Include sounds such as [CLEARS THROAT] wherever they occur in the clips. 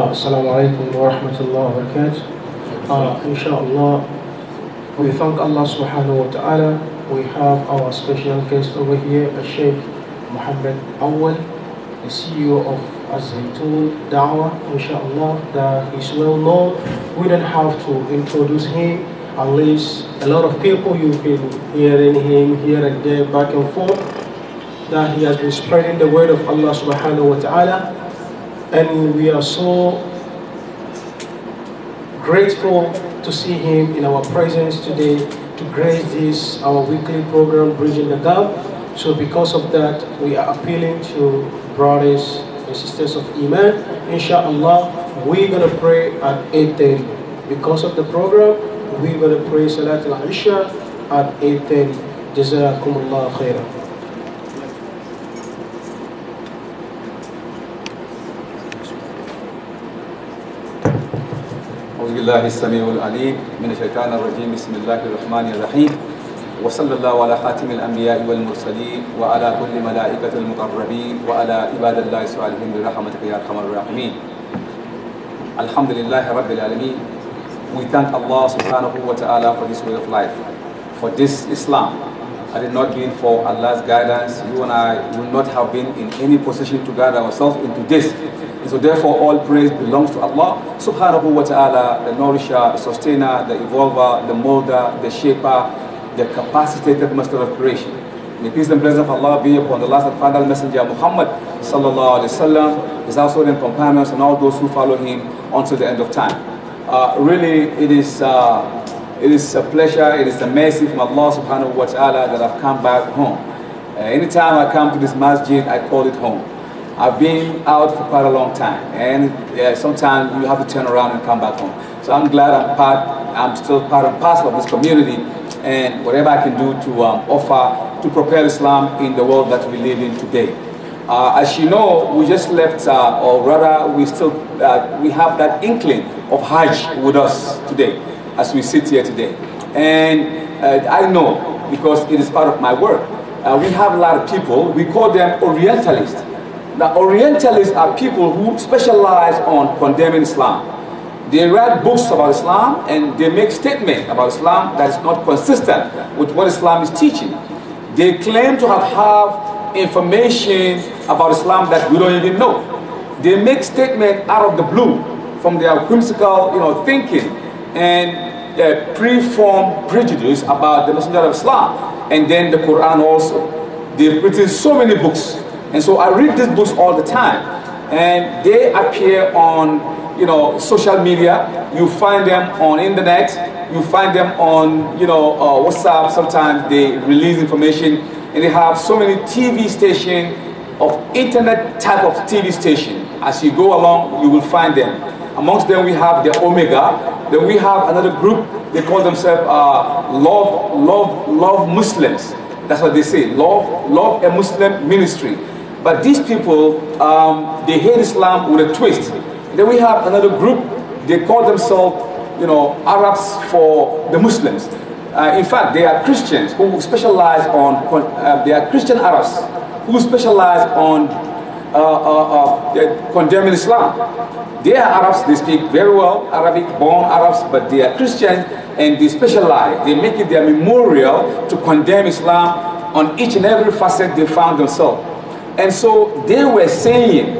Uh, Assalamu alaikum wa rahmatullahi wa barakatuh. Uh, inshallah, we thank Allah subhanahu wa ta'ala. We have our special guest over here, Sheikh Muhammad Awal, the CEO of Azaytul Dawah. Inshallah, that is well known. We don't have to introduce him, unless a lot of people you've been hearing him here and there, back and forth, that he has been spreading the word of Allah subhanahu wa ta'ala and we are so grateful to see him in our presence today to grace this, our weekly program, Bridging the Gap. So because of that, we are appealing to brothers and sisters of Iman. Inshallah, we're going to pray at 8.30. Because of the program, we're going to pray Salat al-Isha at 8.30. Jazakumullah khairan. بالله السميع العليم من الشيطان الرجيم بسم الله الرحمن الرحيم وصلى الله على خاتم الأنبياء والمرسلين وعلى كل ملائكة المقربين وعلى عباد الله الصالحين برحمتك يا أرحم الراحمين الحمد لله رب العالمين we thank Allah subhanahu wa ta'ala for this way of life for this Islam Had it not been for Allah's guidance, you and I would not have been in any position to guide ourselves into this. And so therefore all praise belongs to Allah subhanahu wa ta'ala, the nourisher, the sustainer, the evolver, the molder, the shaper, the capacitated master of creation. May peace and blessing of Allah be upon the last and final messenger Muhammad sallallahu alaihi wasallam, his household and companions, and all those who follow him until the end of time. Uh, really, it is uh, it is a pleasure, it is a mercy from Allah subhanahu wa ta'ala that I've come back home. Uh, anytime I come to this masjid, I call it home. I've been out for quite a long time, and uh, sometimes you have to turn around and come back home. So I'm glad I'm part, I'm still part and parcel of this community, and whatever I can do to um, offer to propel Islam in the world that we live in today. Uh, as you know, we just left, uh, or rather, we still uh, we have that inkling of Hajj with us today as we sit here today. And uh, I know, because it is part of my work, uh, we have a lot of people, we call them Orientalists. Now, Orientalists are people who specialize on condemning Islam. They write books about Islam and they make statements about Islam that is not consistent with what Islam is teaching. They claim to have, have information about Islam that we don't even know. They make statements out of the blue from their whimsical you know, thinking. And uh, preformed prejudice about the Messenger of Islam and then the Quran also. They've written so many books. And so I read these books all the time. And they appear on, you know, social media. You find them on internet. You find them on, you know, uh, WhatsApp. Sometimes they release information. And they have so many TV station, of internet type of TV station. As you go along, you will find them. Amongst them, we have the Omega, then we have another group, they call themselves uh, Love, Love, Love Muslims. That's what they say, Love, Love a Muslim Ministry. But these people, um, they hate Islam with a twist. Then we have another group, they call themselves, you know, Arabs for the Muslims. Uh, in fact, they are Christians who specialize on, uh, they are Christian Arabs who specialize on uh, uh, uh, condemning Islam. They are Arabs, they speak very well Arabic, born Arabs, but they are Christians and they specialize. They make it their memorial to condemn Islam on each and every facet they found themselves. And so they were saying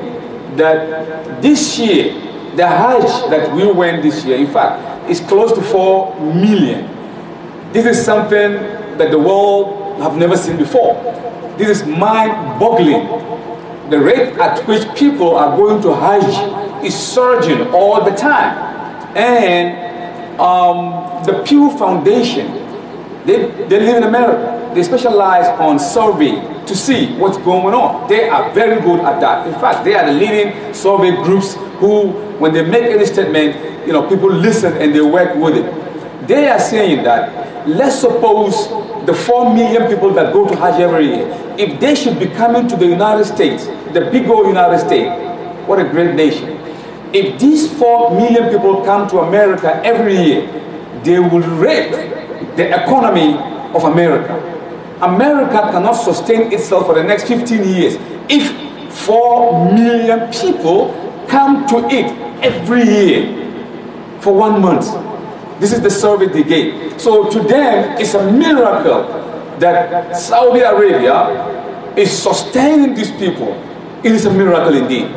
that this year, the Hajj that we went this year, in fact, is close to 4 million. This is something that the world have never seen before. This is mind-boggling the rate at which people are going to Hajj is surging all the time. And um, the Pew Foundation, they, they live in America. They specialize on survey to see what's going on. They are very good at that. In fact, they are the leading survey groups who, when they make any statement, you know, people listen and they work with it. They are saying that, let's suppose the 4 million people that go to Hajj every year, if they should be coming to the United States, the big old United States, what a great nation. If these 4 million people come to America every year, they will rape the economy of America. America cannot sustain itself for the next 15 years if 4 million people come to it every year for one month. This is the survey they gave. So to them, it's a miracle that Saudi Arabia is sustaining these people. It is a miracle indeed.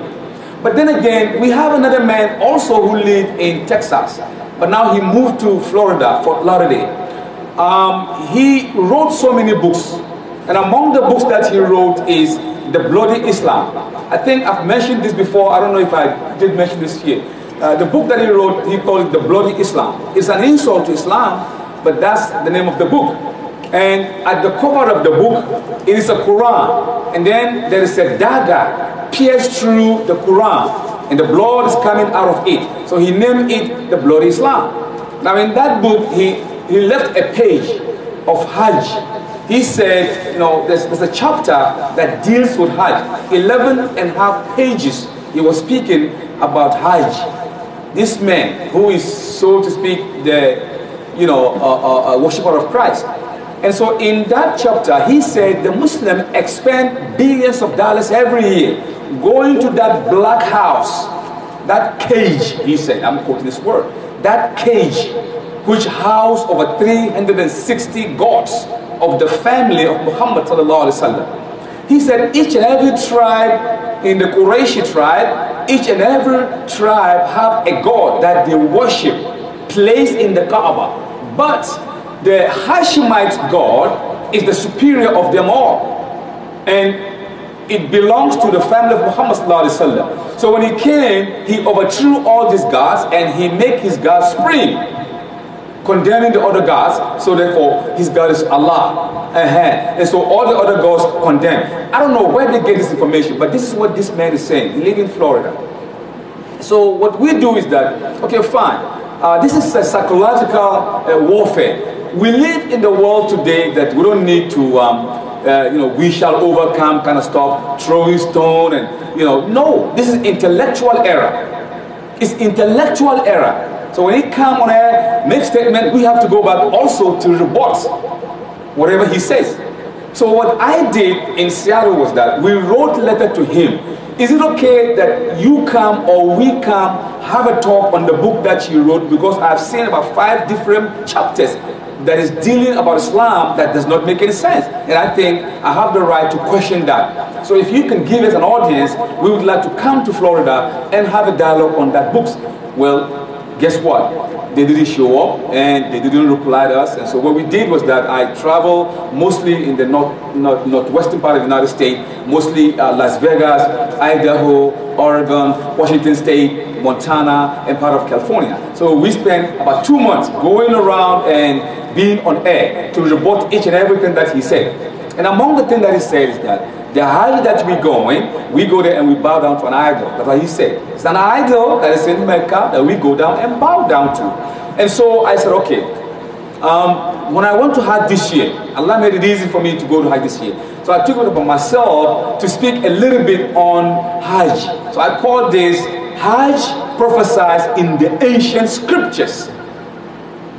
But then again, we have another man also who lived in Texas, but now he moved to Florida, Fort Lauderdale. Um, he wrote so many books, and among the books that he wrote is The Bloody Islam. I think I've mentioned this before, I don't know if I did mention this here. Uh, the book that he wrote, he called it The Bloody Islam. It's an insult to Islam, but that's the name of the book. And at the cover of the book, it is a Quran. And then there is a dagger pierced through the Quran, and the blood is coming out of it. So he named it The Bloody Islam. Now, in that book, he, he left a page of Hajj he said, you know, there's, there's, a chapter that deals with Hajj. 11 and a half pages, he was speaking about Hajj this man who is, so to speak, the, you know, a, a, a worshiper of Christ. And so in that chapter, he said the Muslim expend billions of dollars every year going to that black house, that cage, he said, I'm quoting this word, that cage which housed over 360 gods of the family of Muhammad He said each and every tribe in the Quraysh tribe, each and every tribe have a god that they worship, placed in the Kaaba. But the Hashemite god is the superior of them all. And it belongs to the family of Muhammad So when he came, he overthrew all these gods and he made his gods supreme condemning the other gods, so therefore his God is Allah. Uh -huh. And so all the other gods condemn. I don't know where they get this information, but this is what this man is saying. He lives in Florida. So what we do is that, okay, fine. Uh, this is a psychological uh, warfare. We live in the world today that we don't need to, um, uh, you know, we shall overcome kind of stuff, throwing stone and, you know, no. This is intellectual error. It's intellectual error. So when he come on air, make statement, we have to go back also to rebut whatever he says. So what I did in Seattle was that we wrote letter to him. Is it okay that you come or we come have a talk on the book that you wrote? Because I've seen about five different chapters that is dealing about Islam that does not make any sense. And I think I have the right to question that. So if you can give us an audience, we would like to come to Florida and have a dialogue on that book. Well, guess what? They didn't show up and they didn't reply to us. And so what we did was that I traveled mostly in the north, north northwestern part of the United States, mostly uh, Las Vegas, Idaho, Oregon, Washington State, Montana, and part of California. So we spent about two months going around and being on air to report each and everything that he said. And among the things that he said is that the higher that we going, we go there and we bow down to an idol. That's what he said. It's an idol that is in Mecca that we go down and bow down to. And so I said, okay. Um, when I went to Hajj this year, Allah made it easy for me to go to Hajj this year. So I took it upon myself to speak a little bit on Hajj. So I call this Hajj prophesied in the ancient scriptures.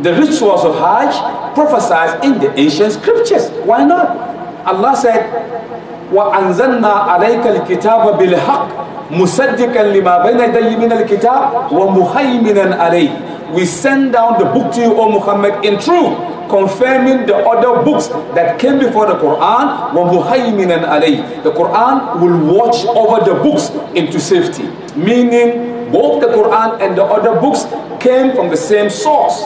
The rituals of Hajj prophesied in the ancient scriptures. Why not? Allah said, وأنزلنا عليك الكتاب بالحق مصدقا لما بين يدي من الكتاب ومهيمنا عليه we send down the book to you O Muhammad in truth confirming the other books that came before the Quran عليه the Quran will watch over the books into safety meaning both the Quran and the other books came from the same source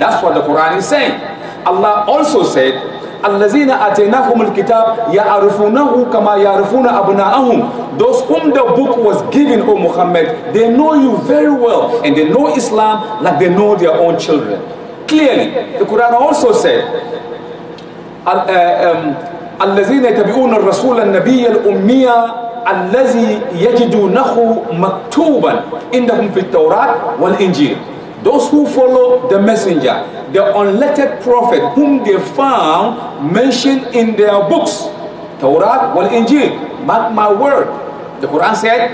that's what the Quran is saying Allah also said الذين آتيناهم الكتاب يعرفونه كما يعرفون أبناءهم those whom the book was given O Muhammad they know you very well and they know Islam like they know their own children clearly the Quran also said الذين يتبعون الرسول النبي الامي الذي يجدونه مكتوبا عندهم في التوراة والإنجيل Those who follow the messenger, the unlettered prophet whom they found mentioned in their books, Torah wal Injil, mark my word. The Quran said,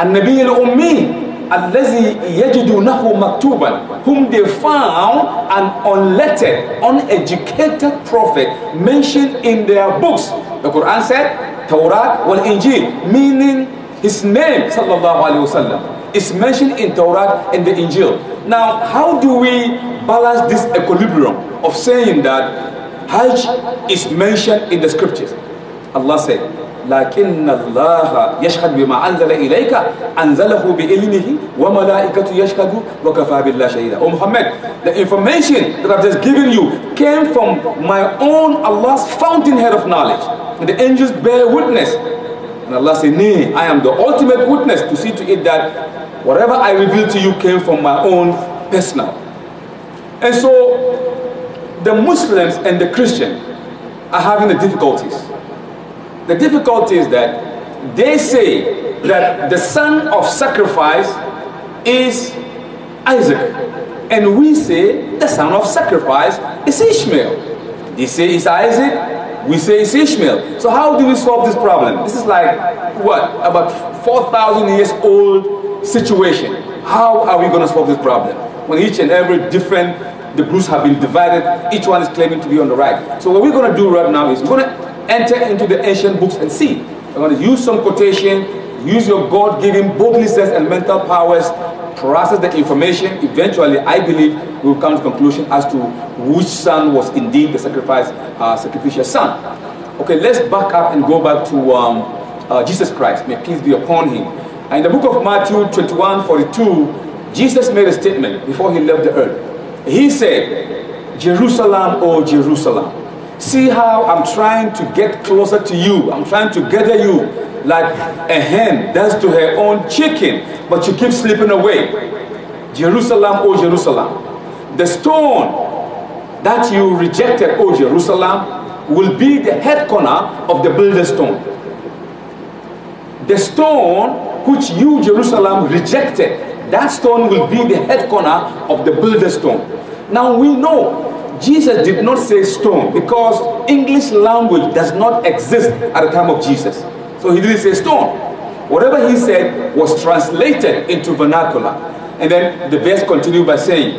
An-Nabi al-Ummi, الذي يجدونه Maktuban," whom they found an unlettered, uneducated prophet mentioned in their books. The Quran said, Torah wal Injil, meaning his name, sallallahu Alaihi Wasallam is mentioned in Torah and the Injil. Now, how do we balance this equilibrium of saying that Hajj is mentioned in the scriptures? Allah said, لكن الله يشهد بما أنزل إليك أنزله بإلمه وملائكته يشهد وكفى بالله شهيدا Oh Muhammad, the information that I've just given you came from my own Allah's fountainhead of knowledge. the angels bear witness and Allah said, Nay, I am the ultimate witness to see to it that whatever I revealed to you came from my own personal. And so the Muslims and the Christian are having the difficulties. The difficulty is that they say that the son of sacrifice is Isaac. And we say the son of sacrifice is Ishmael. They say it's Isaac, we say it's Ishmael. So how do we solve this problem? This is like, what, about 4,000 years old situation. How are we going to solve this problem? When each and every different, the groups have been divided, each one is claiming to be on the right. So what we're going to do right now is we're going to enter into the ancient books and see. I'm going to use some quotation Use your God-given bodily sense and mental powers, process the information. Eventually, I believe we will come to conclusion as to which son was indeed the sacrifice, uh, sacrificial son. Okay, let's back up and go back to um, uh, Jesus Christ. May peace be upon him. And in the book of Matthew 21, 42, Jesus made a statement before he left the earth. He said, Jerusalem, O Jerusalem, See how I'm trying to get closer to you. I'm trying to gather you like a hen does to her own chicken, but you keep slipping away. Jerusalem, oh Jerusalem, the stone that you rejected, oh Jerusalem, will be the head corner of the builder's stone. The stone which you, Jerusalem, rejected, that stone will be the head corner of the builder's stone. Now we know Jesus did not say stone because English language does not exist at the time of Jesus. So he didn't say stone. Whatever he said was translated into vernacular. And then the verse continued by saying,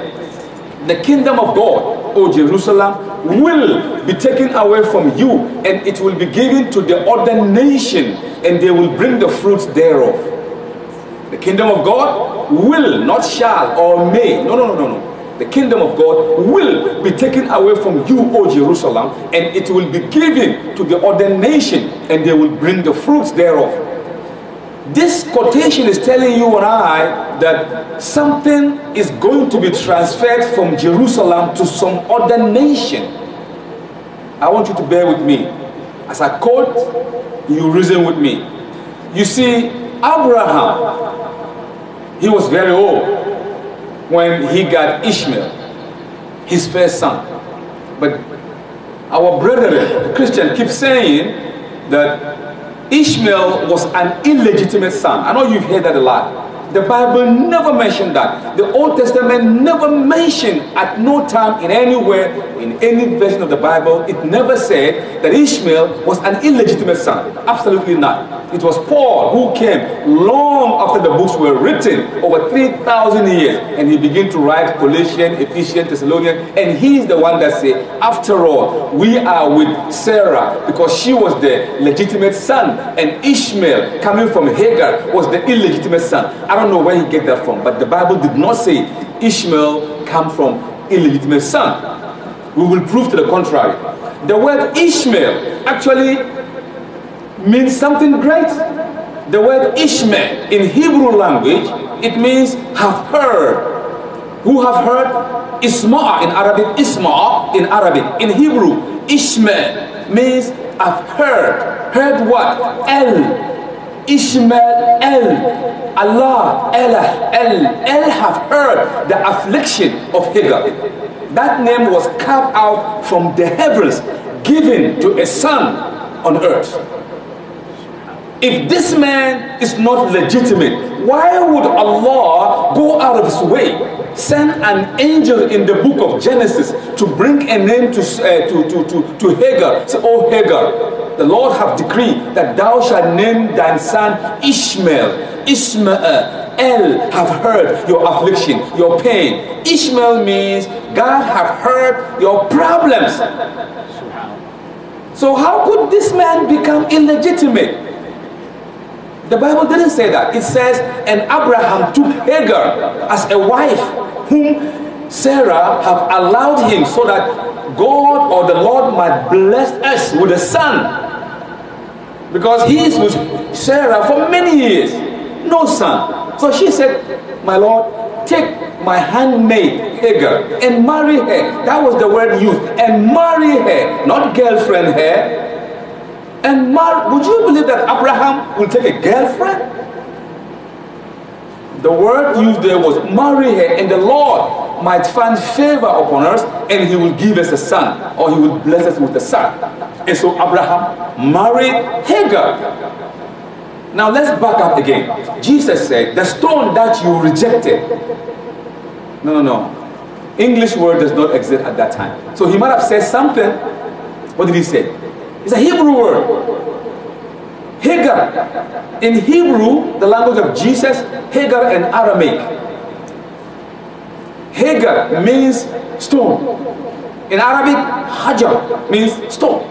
The kingdom of God, O Jerusalem, will be taken away from you, and it will be given to the other nation, and they will bring the fruits thereof. The kingdom of God will, not shall, or may. No, no, no, no, no the kingdom of God will be taken away from you, O Jerusalem, and it will be given to the other nation, and they will bring the fruits thereof. This quotation is telling you and I that something is going to be transferred from Jerusalem to some other nation. I want you to bear with me. As I quote, you reason with me. You see, Abraham, he was very old when he got Ishmael, his first son. But our brethren, Christian, keep saying that Ishmael was an illegitimate son. I know you've heard that a lot. The Bible never mentioned that. The Old Testament never mentioned at no time in anywhere, in any version of the Bible, it never said that Ishmael was an illegitimate son. Absolutely not. It was Paul who came long after the books were written, over 3,000 years, and he began to write Colossians, Ephesians, Thessalonians, and he's the one that said, after all, we are with Sarah because she was the legitimate son, and Ishmael coming from Hagar was the illegitimate son. I don't don't know where he get that from, but the Bible did not say Ishmael come from illegitimate son. We will prove to the contrary. The word Ishmael actually means something great. The word Ishmael in Hebrew language, it means have heard. Who have heard? Isma in Arabic, Isma in Arabic. In Hebrew, Ishmael means I've heard. Heard what? El Ishmael, El, Allah, Elah, El, El have heard the affliction of Hagar. That name was carved out from the heavens, given to a son on earth. If this man is not legitimate, why would Allah go out of his way, send an angel in the book of Genesis to bring a name to, uh, to, to, to, to Hagar? Say, oh, Hagar, the Lord have decreed that thou shalt name thy son Ishmael. Ishmael El have heard your affliction, your pain. Ishmael means God have heard your problems. So how could this man become illegitimate? The Bible didn't say that. It says, and Abraham took Hagar as a wife, whom Sarah have allowed him so that God or the Lord might bless us with a son. Because he is with Sarah for many years. No son. So she said, My Lord, take my handmaid Hagar and marry her. That was the word used. And marry her, not girlfriend her. And mar would you believe that Abraham will take a girlfriend? The word used there was marry her, and the Lord might find favor upon us, and he will give us a son, or he will bless us with a son. And so Abraham married Hagar. Now let's back up again. Jesus said, The stone that you rejected. No, no, no. English word does not exist at that time. So he might have said something. What did he say? It's a Hebrew word. Hagar. In Hebrew, the language of Jesus, Hagar and Aramaic. Hagar means stone. In Arabic, Hajar means stone.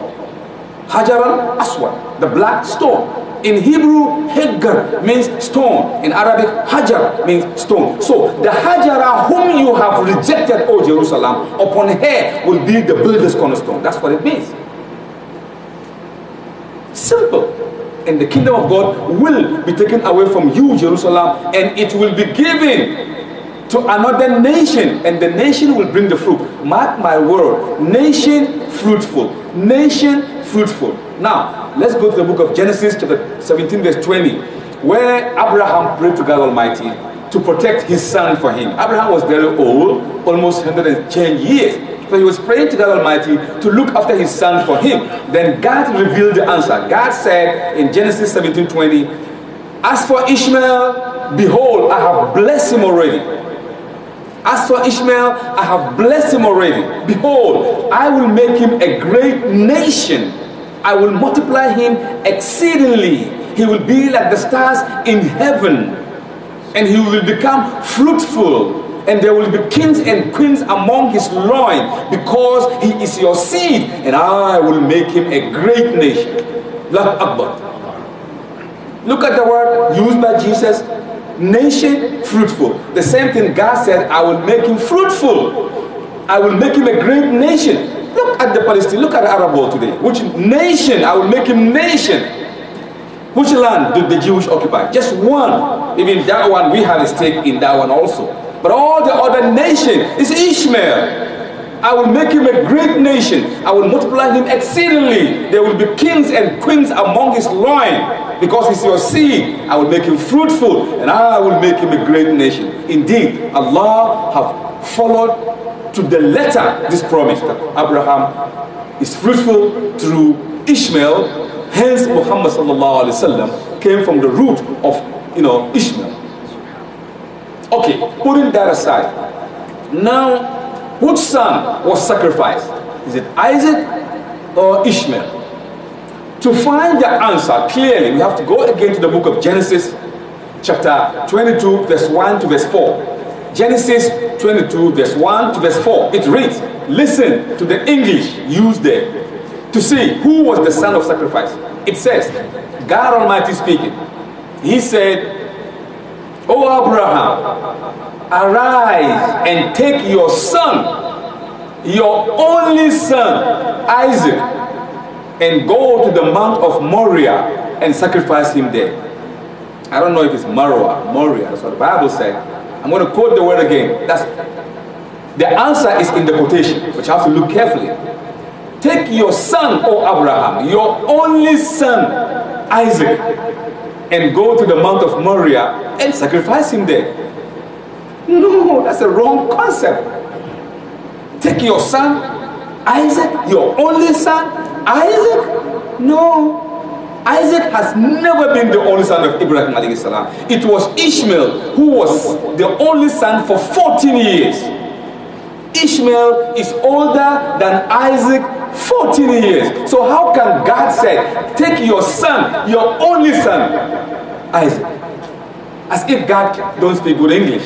Hajar al-Aswad, the black stone. In Hebrew, Hagar means stone. In Arabic, Hajar means stone. So the Hajar whom you have rejected, O Jerusalem, upon her will be the builder's cornerstone. That's what it means. Simple and the kingdom of God will be taken away from you, Jerusalem, and it will be given to another nation, and the nation will bring the fruit. Mark my word, nation fruitful, nation fruitful. Now, let's go to the book of Genesis, chapter 17, verse 20, where Abraham prayed to God Almighty to protect his son for him. Abraham was very old, almost 110 years. So he was praying to God Almighty to look after his son for him. Then God revealed the answer. God said in Genesis 17 20, As for Ishmael, behold, I have blessed him already. As for Ishmael, I have blessed him already. Behold, I will make him a great nation. I will multiply him exceedingly. He will be like the stars in heaven, and he will become fruitful and there will be kings and queens among his line, because he is your seed, and I will make him a great nation. Akbar. Look at the word used by Jesus, nation fruitful. The same thing God said, I will make him fruitful. I will make him a great nation. Look at the Palestinian, look at the Arab world today. Which nation? I will make him nation. Which land did the Jewish occupy? Just one. Even that one, we have a stake in that one also. But all the other nation is Ishmael. I will make him a great nation. I will multiply him exceedingly. There will be kings and queens among his line Because he's your seed, I will make him fruitful and I will make him a great nation. Indeed, Allah have followed to the letter this promise that Abraham is fruitful through Ishmael. Hence, Muhammad came from the root of you know, Ishmael. Okay, putting that aside. Now, which son was sacrificed? Is it Isaac or Ishmael? To find the answer clearly, we have to go again to the book of Genesis, chapter 22, verse 1 to verse 4. Genesis 22, verse 1 to verse 4. It reads, Listen to the English used there to see who was the son of sacrifice. It says, God Almighty speaking. He said, O Abraham, arise and take your son, your only son, Isaac, and go to the Mount of Moriah and sacrifice him there. I don't know if it's Moriah, Moriah, that's what the Bible said. I'm going to quote the word again. That's, the answer is in the quotation, but you have to look carefully. Take your son, O Abraham, your only son, Isaac, and go to the Mount of Moriah and sacrifice him there. No, that's a wrong concept. Take your son, Isaac, your only son, Isaac. No, Isaac has never been the only son of Ibrahim alayhi salam. It was Ishmael who was the only son for 14 years. Ishmael is older than Isaac 14 years. So how can God say, take your son, your only son, Isaac? As if God don't speak good English.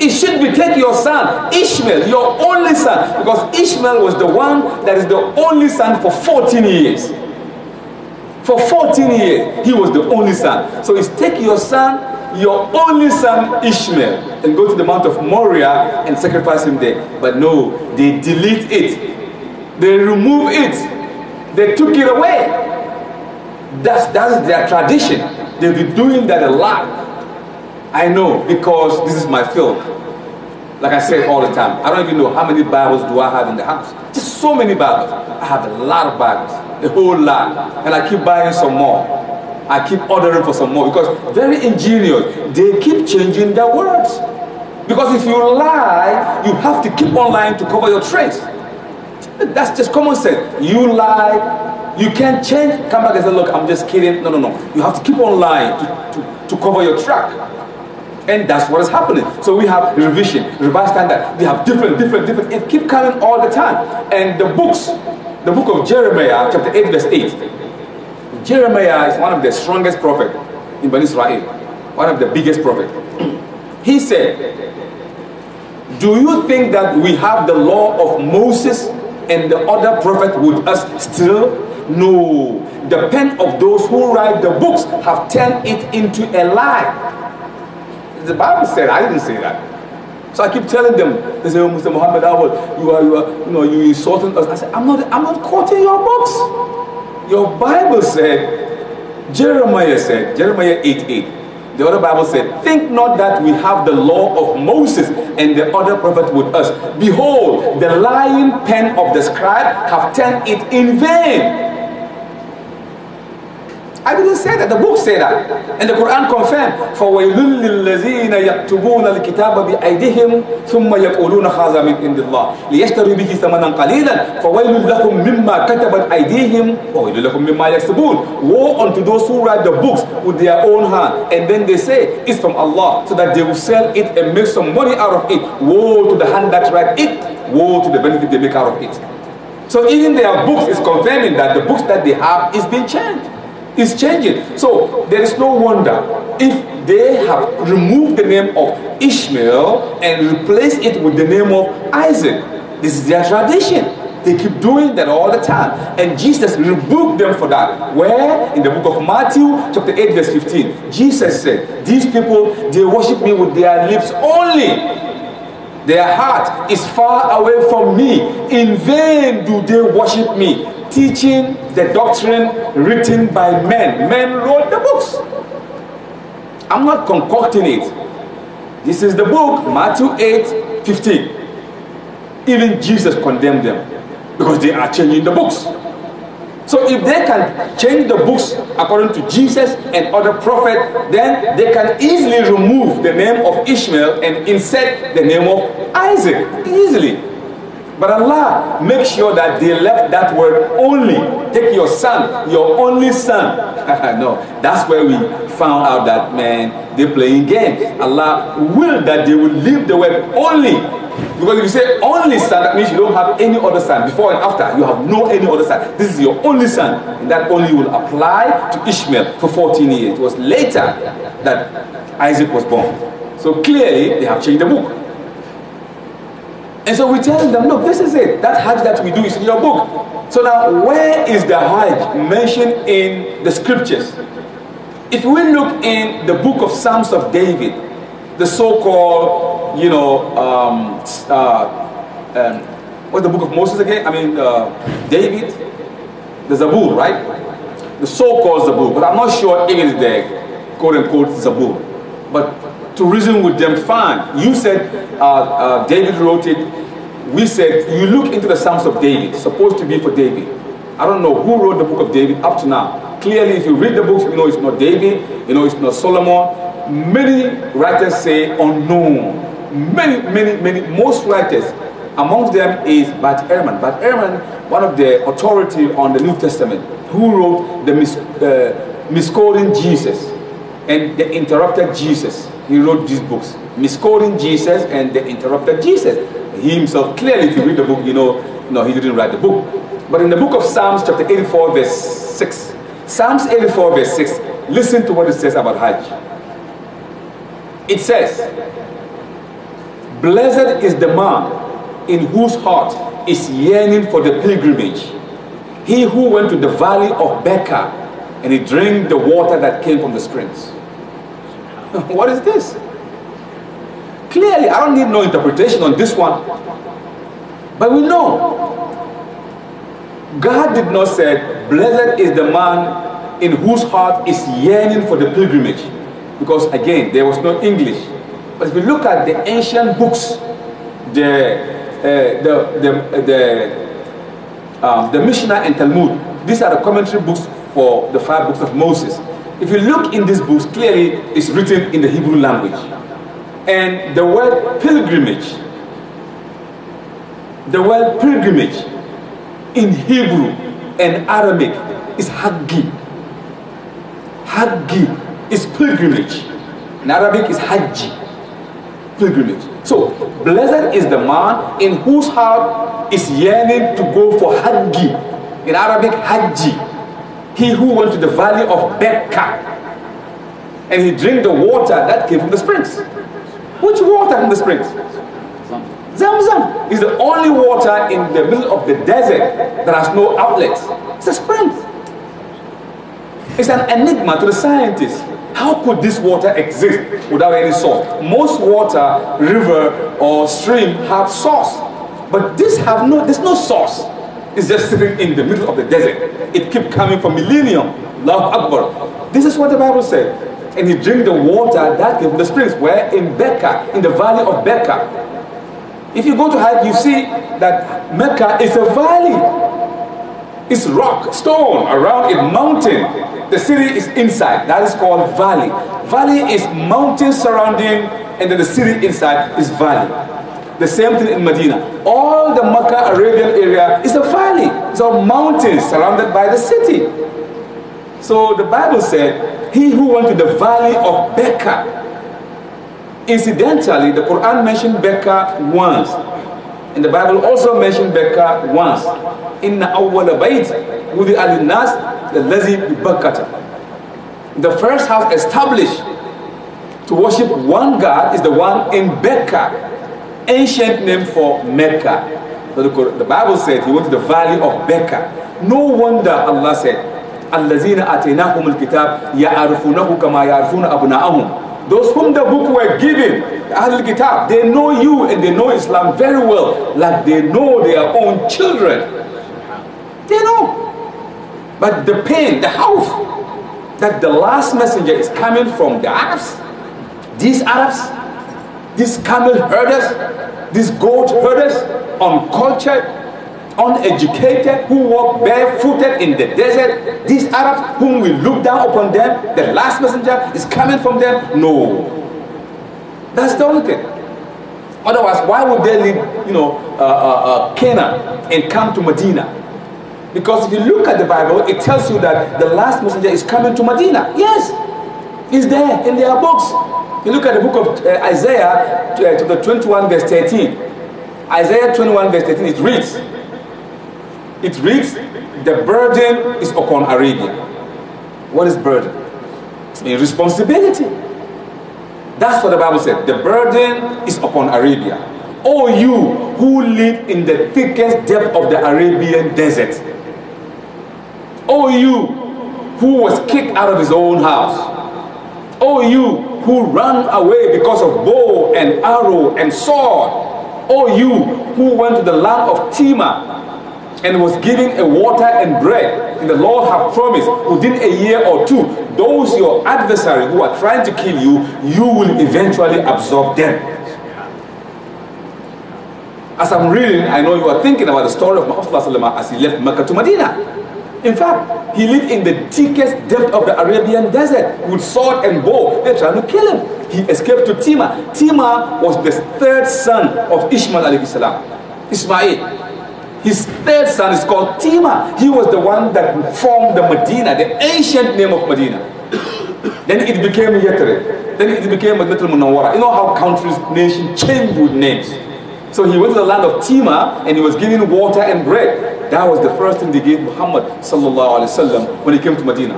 It should be take your son, Ishmael, your only son, because Ishmael was the one that is the only son for 14 years. For 14 years, he was the only son. So it's take your son, your only son Ishmael, and go to the Mount of Moriah and sacrifice him there. But no, they delete it they remove it. They took it away. That's, that's their tradition. They've been doing that a lot. I know because this is my field. Like I say all the time, I don't even know how many Bibles do I have in the house. Just so many Bibles. I have a lot of Bibles, a whole lot. And I keep buying some more. I keep ordering for some more because very ingenious. They keep changing their words. Because if you lie, you have to keep on lying to cover your tracks. That's just common sense. You lie, you can't change, come back and say, look, I'm just kidding. No, no, no. You have to keep on lying to, to, to cover your track. And that's what is happening. So we have revision, revised standard. They have different, different, different. It keep coming all the time. And the books, the book of Jeremiah, chapter 8, verse 8. Jeremiah is one of the strongest prophet in Ben Israel, one of the biggest prophet. [CLEARS THROAT] he said, Do you think that we have the law of Moses and the other prophet with us still? No. The pen of those who write the books have turned it into a lie. The Bible said, I didn't say that. So I keep telling them, they say, oh, Mr. Muhammad you are, you are, you know, you insulting us. I said, I'm not, I'm not quoting your books. Your Bible said, Jeremiah said, Jeremiah 8 8, the other Bible said, Think not that we have the law of Moses and the other prophet with us. Behold, the lying pen of the scribe have turned it in vain. I didn't say that. The book said that. And the Quran confirmed. فَوَيْلٌ لِلَّذِينَ يَكْتُبُونَ الْكِتَابَ بِأَيْدِهِمْ ثُمَّ يَقُولُونَ هَذَا مِنْ عِنْدِ اللَّهِ لِيَشْتَرُوا بِهِ ثَمَنًا قَلِيلًا فَوَيْلٌ لَهُمْ مِمَّا كَتَبَتْ أَيْدِيهِمْ وَوَيْلٌ لَهُمْ مِمَّا يَكْسِبُونَ Woe unto those who write the books with their own hand and then they say it's from Allah so that they will sell it and make some money out of it. Woe to the hand that write it. Woe to the benefit they make out of it. So even their books is confirming that the books that they have is being changed is changing. So there is no wonder if they have removed the name of Ishmael and replaced it with the name of Isaac. This is their tradition. They keep doing that all the time. And Jesus rebuked them for that. Where? In the book of Matthew, chapter 8, verse 15. Jesus said, These people, they worship me with their lips only. Their heart is far away from me. In vain do they worship me teaching the doctrine written by men. Men wrote the books. I'm not concocting it. This is the book, Matthew 8, 15. Even Jesus condemned them because they are changing the books. So if they can change the books according to Jesus and other prophets, then they can easily remove the name of Ishmael and insert the name of Isaac. Easily. But Allah, make sure that they left that word only. Take your son, your only son. [LAUGHS] no, that's where we found out that, man, they playing games. Allah will that they will leave the word only. Because if you say only son, that means you don't have any other son. Before and after, you have no any other son. This is your only son. And that only will apply to Ishmael for 14 years. It was later that Isaac was born. So clearly, they have changed the book. And so we tell them, look, this is it. That Hajj that we do is in your book. So now, where is the Hajj mentioned in the scriptures? If we look in the book of Psalms of David, the so-called, you know, um, uh, um, what's the book of Moses again? I mean, uh, David, the Zabur, right? The so-called Zabur, but I'm not sure it is the quote-unquote Zabur. But to reason with them, fine. You said uh, uh, David wrote it. We said you look into the Psalms of David, supposed to be for David. I don't know who wrote the book of David up to now. Clearly, if you read the books, you know it's not David, you know it's not Solomon. Many writers say unknown. Many, many, many, most writers, amongst them is Bat Ehrman. Bat Ehrman, one of the authority on the New Testament, who wrote the mis uh, misquoting Jesus and the interrupted Jesus. He wrote these books, misquoting Jesus and the interrupted Jesus. He himself clearly, if you read the book, you know, no, he didn't write the book. But in the book of Psalms, chapter 84, verse 6, Psalms 84, verse 6, listen to what it says about Hajj. It says, Blessed is the man in whose heart is yearning for the pilgrimage. He who went to the valley of Becca and he drank the water that came from the springs. [LAUGHS] what is this? Clearly, I don't need no interpretation on this one. But we know God did not say, Blessed is the man in whose heart is yearning for the pilgrimage. Because again, there was no English. But if you look at the ancient books, the uh, the the uh, the, um, the Mishnah and Talmud, these are the commentary books for the five books of Moses. If you look in these books, clearly it's written in the Hebrew language. And the word pilgrimage, the word pilgrimage in Hebrew and Arabic is haggi. Haggi is pilgrimage. In Arabic is haji, pilgrimage. So, blessed is the man in whose heart is yearning to go for haji. In Arabic, hajji. He who went to the valley of Becca. And he drank the water that came from the springs. Which water from the springs? Zamzam is the only water in the middle of the desert that has no outlet. It's a spring. It's an enigma to the scientists. How could this water exist without any source? Most water, river, or stream have source. But this have no, there's no source. It's just sitting in the middle of the desert. It kept coming for millennium. Allahu Akbar. This is what the Bible said. And he drink the water that came from the springs. Where? In Becca, in the valley of Becca. If you go to Hajj, you see that Mecca is a valley. It's rock, stone, around a mountain. The city is inside. That is called valley. Valley is mountain surrounding, and then the city inside is valley. The same thing in Medina. All the Mecca Arabian area is a valley. It's a mountains surrounded by the city. So the Bible said, he who went to the valley of Becca. Incidentally, the Quran mentioned Becca once. And the Bible also mentioned Becca once. Inna awwala bayt wudi al-nas lazi The first house established to worship one God is the one in Becca ancient name for Mecca. the, Bible said he went to the valley of Becca. No wonder Allah said, الَّذِينَ أَتَيْنَاهُمُ الْكِتَابِ يَعْرِفُونَهُ كَمَا يَعْرِفُونَ أَبْنَاءَهُمْ Those whom the book were given, the Ahlul Kitab, they know you and they know Islam very well, like they know their own children. They know. But the pain, the house, that the last messenger is coming from the Arabs, these Arabs, these camel herders, these goat herders, uncultured, uneducated, who walk barefooted in the desert, these Arabs whom we look down upon them, the last messenger is coming from them. No. That's the only thing. Otherwise, why would they leave, you know, uh, uh, uh, Cana and come to Medina? Because if you look at the Bible, it tells you that the last messenger is coming to Medina. Yes. Is there in their books. You look at the book of uh, Isaiah, to, uh, to the 21 verse 13. Isaiah 21 verse 13, it reads, it reads, the burden is upon Arabia. What is burden? It's responsibility. That's what the Bible said. The burden is upon Arabia. Oh, you who live in the thickest depth of the Arabian desert. Oh, you who was kicked out of his own house O you who ran away because of bow and arrow and sword, O you who went to the land of Timah and was giving a water and bread, and the Lord have promised within a year or two, those your adversary who are trying to kill you, you will eventually absorb them. As I'm reading, I know you are thinking about the story of Muhammad as he left Mecca to Medina. In fact, he lived in the thickest depth of the Arabian desert with sword and bow. They're trying to kill him. He escaped to Timah. Timah was the third son of Ishmael alayhi salam. Ismail. His third son is called Timah. He was the one that formed the Medina, the ancient name of Medina. [COUGHS] then it became Yetere. Then it became a little Munawara. You know how countries, nations change with names. So he went to the land of Tima and he was given water and bread. That was the first thing they gave Muhammad sallallahu alaihi wasallam when he came to Medina.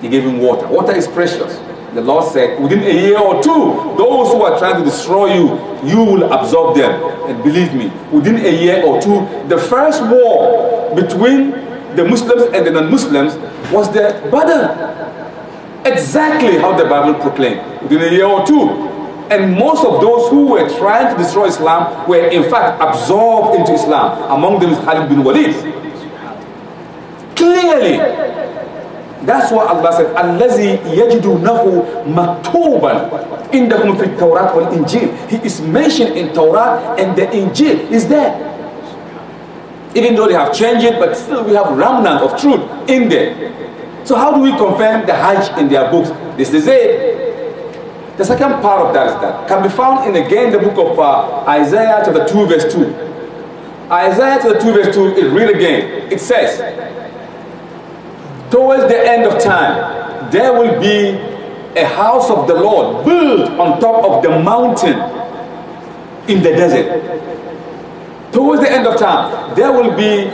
They gave him water. Water is precious. The Lord said, within a year or two, those who are trying to destroy you, you will absorb them. And believe me, within a year or two, the first war between the Muslims and the non-Muslims was the battle. Exactly how the Bible proclaimed. Within a year or two, and most of those who were trying to destroy Islam were in fact absorbed into Islam. Among them is Khalid bin Walid. Clearly. That's why Allah said, Allazi yajidu nahu maktuban indakum fit Tawrat wal Injil. He is mentioned in Torah, and the Injil is there. Even though they have changed it, but still we have remnant of truth in there. So how do we confirm the Hajj in their books? This is it. The second part of that is that can be found in again the book of uh, Isaiah chapter 2 verse 2. Isaiah chapter 2 verse 2, is read again. It says, Towards the end of time, there will be a house of the Lord built on top of the mountain in the desert. Towards the end of time, there will be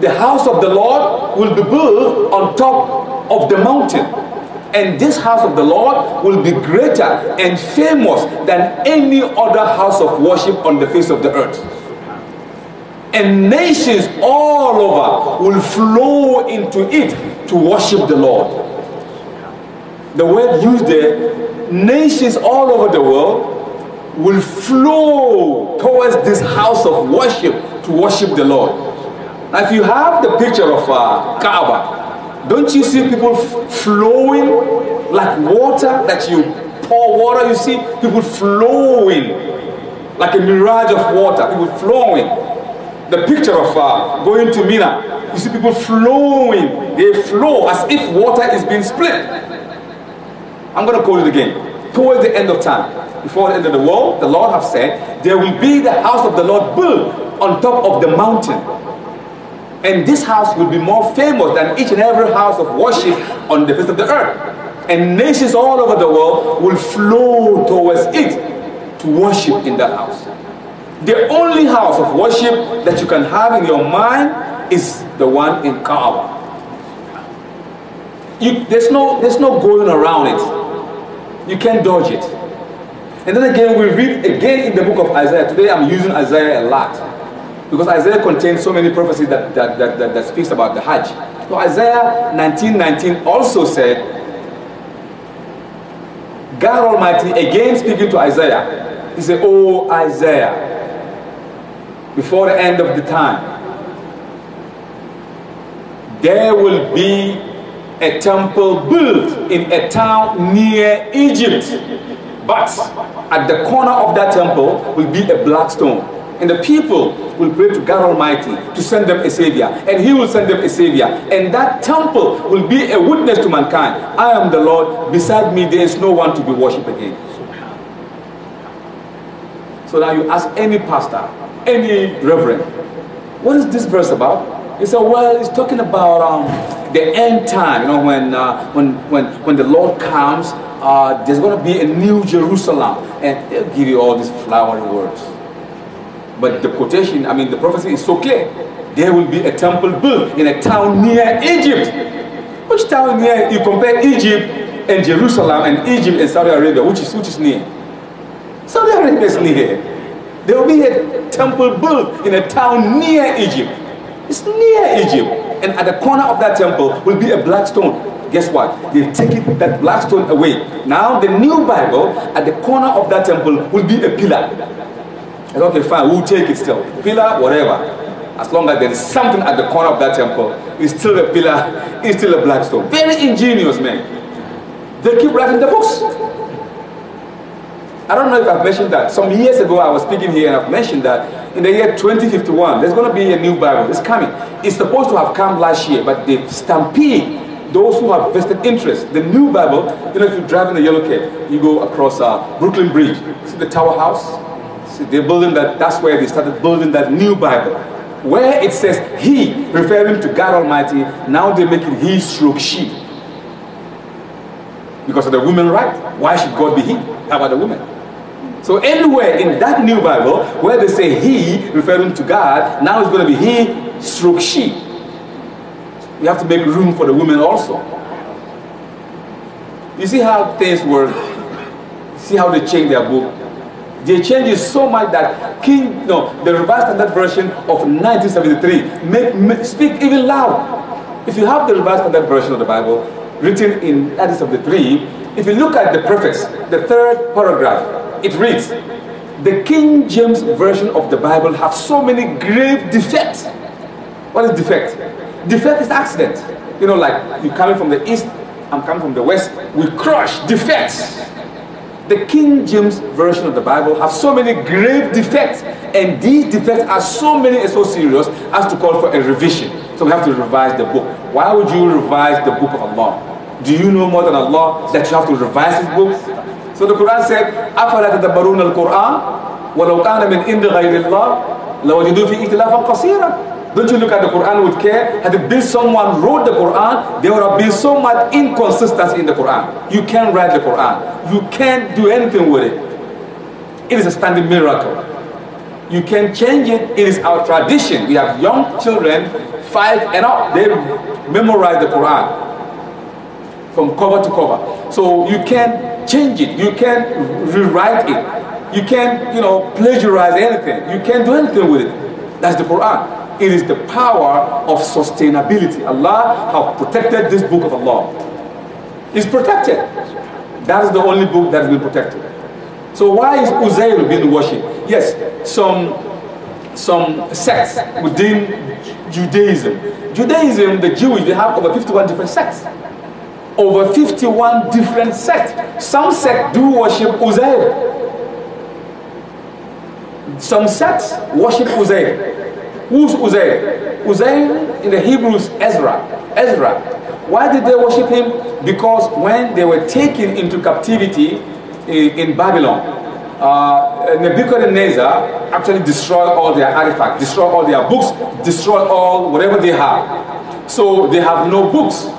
the house of the Lord will be built on top of the mountain and this house of the Lord will be greater and famous than any other house of worship on the face of the earth. And nations all over will flow into it to worship the Lord. The word used there, nations all over the world will flow towards this house of worship to worship the Lord. Now, if you have the picture of uh, Kaaba, don't you see people flowing like water that you pour water? You see people flowing like a mirage of water, people flowing. The picture of uh, going to Mina, you see people flowing. They flow as if water is being split. I'm going to quote it again. Towards the end of time, before the end of the world, the Lord have said, there will be the house of the Lord built on top of the mountain and this house will be more famous than each and every house of worship on the face of the earth. And nations all over the world will flow towards it to worship in that house. The only house of worship that you can have in your mind is the one in Kaaba. You, there's, no, there's no going around it. You can't dodge it. And then again, we read again in the book of Isaiah. Today I'm using Isaiah a lot. Because Isaiah contains so many prophecies that, that, that, that, that speaks about the Hajj. So Isaiah 19.19 also said, God Almighty again speaking to Isaiah. He said, Oh, Isaiah, before the end of the time, there will be a temple built in a town near Egypt. But at the corner of that temple will be a black stone and the people will pray to God Almighty to send them a Savior. And He will send them a Savior. And that temple will be a witness to mankind. I am the Lord. Beside me, there is no one to be worshipped again. So now you ask any pastor, any reverend, what is this verse about? He said, well, it's talking about um, the end time. You know, when, uh, when, when, when the Lord comes, uh, there's going to be a new Jerusalem. And they'll give you all these flowery words. But the quotation, I mean, the prophecy is so clear. There will be a temple built in a town near Egypt. Which town near? You compare Egypt and Jerusalem and Egypt and Saudi Arabia, which is which is near? Saudi Arabia is near. There will be a temple built in a town near Egypt. It's near Egypt. And at the corner of that temple will be a black stone guess what? They've taken that black stone away. Now the new Bible at the corner of that temple will be a pillar okay, fine, we'll take it still. Pillar, whatever. As long as there is something at the corner of that temple, it's still a pillar, it's still a black stone. Very ingenious, man. They keep writing the books. I don't know if I've mentioned that. Some years ago, I was speaking here and I've mentioned that in the year 2051, there's going to be a new Bible. It's coming. It's supposed to have come last year, but they stampede those who have vested interest. The new Bible, you know, if you drive in a yellow cab, you go across uh, Brooklyn Bridge. See the Tower House? they're building that, that's where they started building that new Bible. Where it says he, referring to God Almighty, now they're making he stroke she. Because of the woman right. Why should God be he? How about the woman? So anywhere in that new Bible where they say he, referring to God, now it's going to be he stroke she. We have to make room for the women also. You see how things work? See how they change their book they changed so much that King, no, the Revised Standard Version of 1973 make, speak even loud. If you have the Revised Standard Version of the Bible written in 1973, if you look at the preface, the third paragraph, it reads, the King James Version of the Bible have so many grave defects. What is defect? Defect is accident. You know, like you coming from the east, I'm coming from the west. We crush defects the King James Version of the Bible have so many grave defects, and these defects are so many and so serious as to call for a revision. So we have to revise the book. Why would you revise the book of Allah? Do you know more than Allah that you have to revise His book? So the Quran said, أَفَلَا تَدَبَّرُونَ الْقُرْآنَ وَلَوْ كَانَ مِنْ إِنْدِ غَيْرِ اللَّهِ لَوَجِدُوا فِي al قَصِيرًا don't you look at the Quran with care? Had it been someone wrote the Quran, there would have been so much inconsistency in the Quran. You can't write the Quran. You can't do anything with it. It is a standing miracle. You can change it. It is our tradition. We have young children, five and up, they memorize the Quran from cover to cover. So you can change it. You can rewrite it. You can, you know, plagiarize anything. You can not do anything with it. That's the Quran. It is the power of sustainability. Allah have protected this book of Allah. It's protected. That is the only book that has been protected. So why is Uzair being worshipped? Yes, some, some sects within Judaism. Judaism, the Jewish, they have over 51 different sects. Over 51 different sects. Some sects do worship Uzair. Some sects worship Uzair. Who's Uzair? Uzair in the Hebrews, Ezra. Ezra. Why did they worship him? Because when they were taken into captivity in, eh, in Babylon, uh, Nebuchadnezzar actually destroyed all their artifacts, destroyed all their books, destroyed all whatever they have. So they have no books.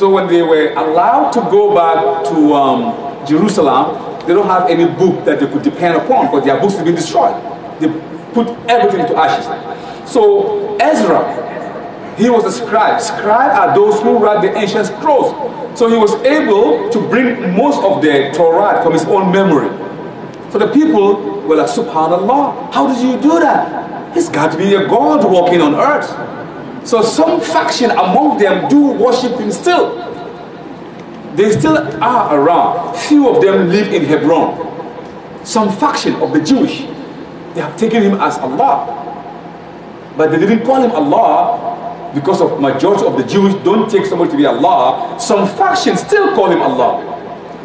So when they were allowed to go back to um, Jerusalem, they don't have any book that they could depend upon because their books have been destroyed. They, put everything into ashes. So Ezra, he was a scribe. Scribe are those who write the ancient scrolls. So he was able to bring most of the Torah from his own memory. So the people were like, subhanallah, how did you do that? He's got to be a God walking on earth. So some faction among them do worship him still. They still are around. Few of them live in Hebron. Some faction of the Jewish they have taken him as Allah. But they didn't call him Allah because of majority of the Jews don't take somebody to be Allah. Some factions still call him Allah.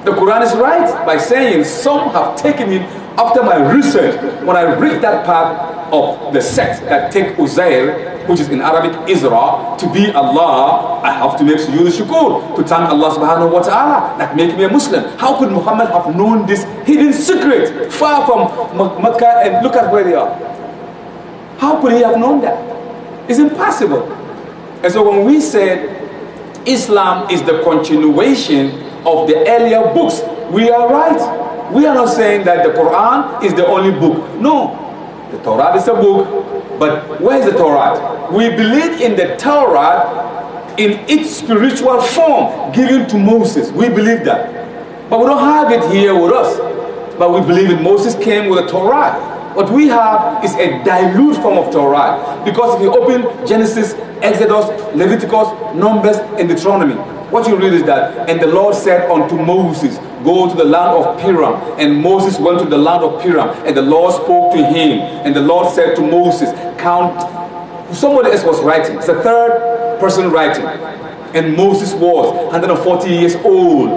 The Quran is right by saying some have taken him after my research, when I read that part of the sect that take Uzair, which is in Arabic Israel, to be Allah, I have to make sujood shukur, to thank Allah subhanahu wa ta'ala, that make me a Muslim. How could Muhammad have known this hidden secret far from Mecca and look at where they are? How could he have known that? It's impossible. And so when we said Islam is the continuation of the earlier books, we are right. We are not saying that the Quran is the only book. No, the Torah is a book, but where is the Torah? We believe in the Torah in its spiritual form given to Moses. We believe that. But we don't have it here with us. But we believe Moses came with a Torah. What we have is a dilute form of Torah. Because if you open Genesis, Exodus, Leviticus, Numbers, and Deuteronomy, what you read is that, and the Lord said unto Moses, Go to the land of Piram. And Moses went to the land of Piram. And the Lord spoke to him. And the Lord said to Moses, Count. Somebody else was writing. It's the third person writing. And Moses was 140 years old.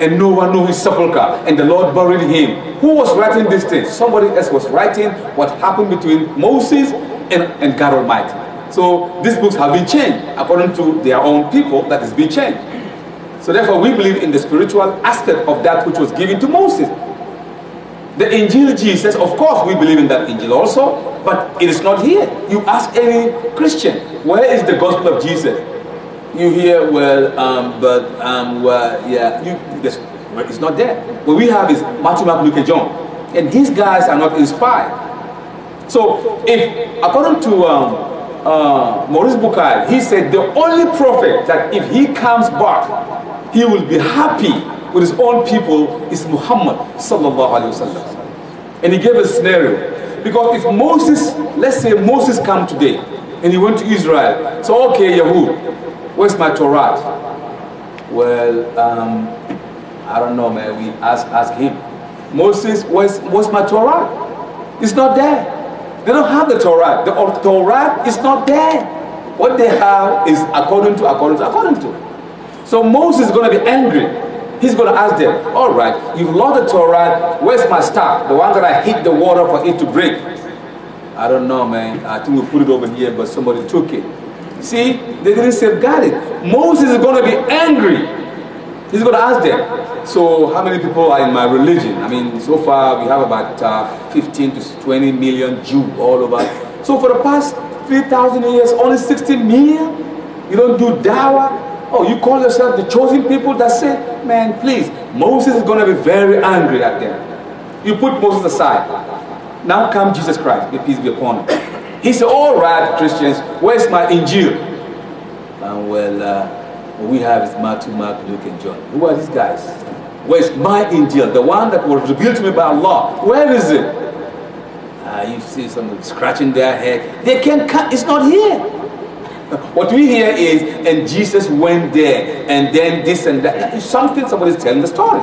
And no one knew his sepulchre. And the Lord buried him. Who was writing these things? Somebody else was writing what happened between Moses and, and God Almighty. So these books have been changed according to their own people that is being changed. So therefore we believe in the spiritual aspect of that which was given to Moses. The Injil Jesus, of course we believe in that Injil also, but it is not here. You ask any Christian, where is the gospel of Jesus? You hear, well, um, but, um, well, yeah, you, it's not there. What we have is Matthew, Mark, Luke, and John. And these guys are not inspired. So, if, according to um, uh, Maurice Bukai, he said the only prophet that if he comes back, he will be happy with his own people is Muhammad sallallahu alaihi wasallam. And he gave a scenario because if Moses, let's say Moses come today and he went to Israel, so okay, Yahoo, where's my Torah? Well, um, I don't know, man. We ask ask him. Moses, where's where's my Torah? It's not there. They don't have the Torah. The Torah is not there. What they have is according to, according to, according to. So Moses is going to be angry. He's going to ask them, all right, you've lost the Torah, where's my staff? The one that I hit the water for it to break. I don't know, man. I think we put it over here, but somebody took it. See, they didn't safeguard it. Moses is going to be angry. He's going to ask them, so how many people are in my religion? I mean, so far we have about uh, 15 to 20 million Jews all over. So for the past 3,000 years, only 60 million? You don't do dawah? Oh, you call yourself the chosen people? That's it? Man, please. Moses is going to be very angry at them. You put Moses aside. Now come Jesus Christ, may peace be upon him. He said, all right, Christians, where's my Injil? And well, uh, we have is Matthew, Mark, Luke, and John. Who are these guys? Where's my Injil, the one that was revealed to me by Allah? Where is it? Uh, you see some scratching their head. They can't, it's not here. [LAUGHS] What we hear is, and Jesus went there, and then this and that. It's something somebody's telling the story.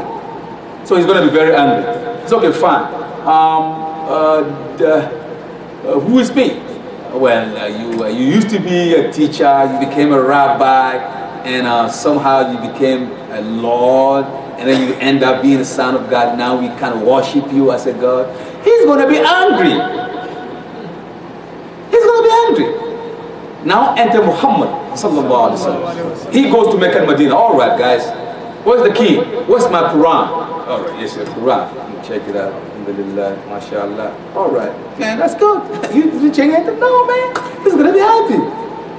So he's going to be very angry. It's okay, fine. Um, uh, the, uh, who is me? Well, uh, you, uh, you used to be a teacher, you became a rabbi, and uh, somehow you became a Lord, and then you end up being the Son of God. Now we kind of worship you as a God. He's going to be angry. He's going to be angry. Now enter Muhammad He goes to Mecca and Medina. All right, guys. Where's the key? Where's my Quran? All right, yes, your Quran. Check it out. Alhamdulillah, mashallah. All right, man, that's good. [LAUGHS] You, didn't check it? No, man. He's gonna be happy.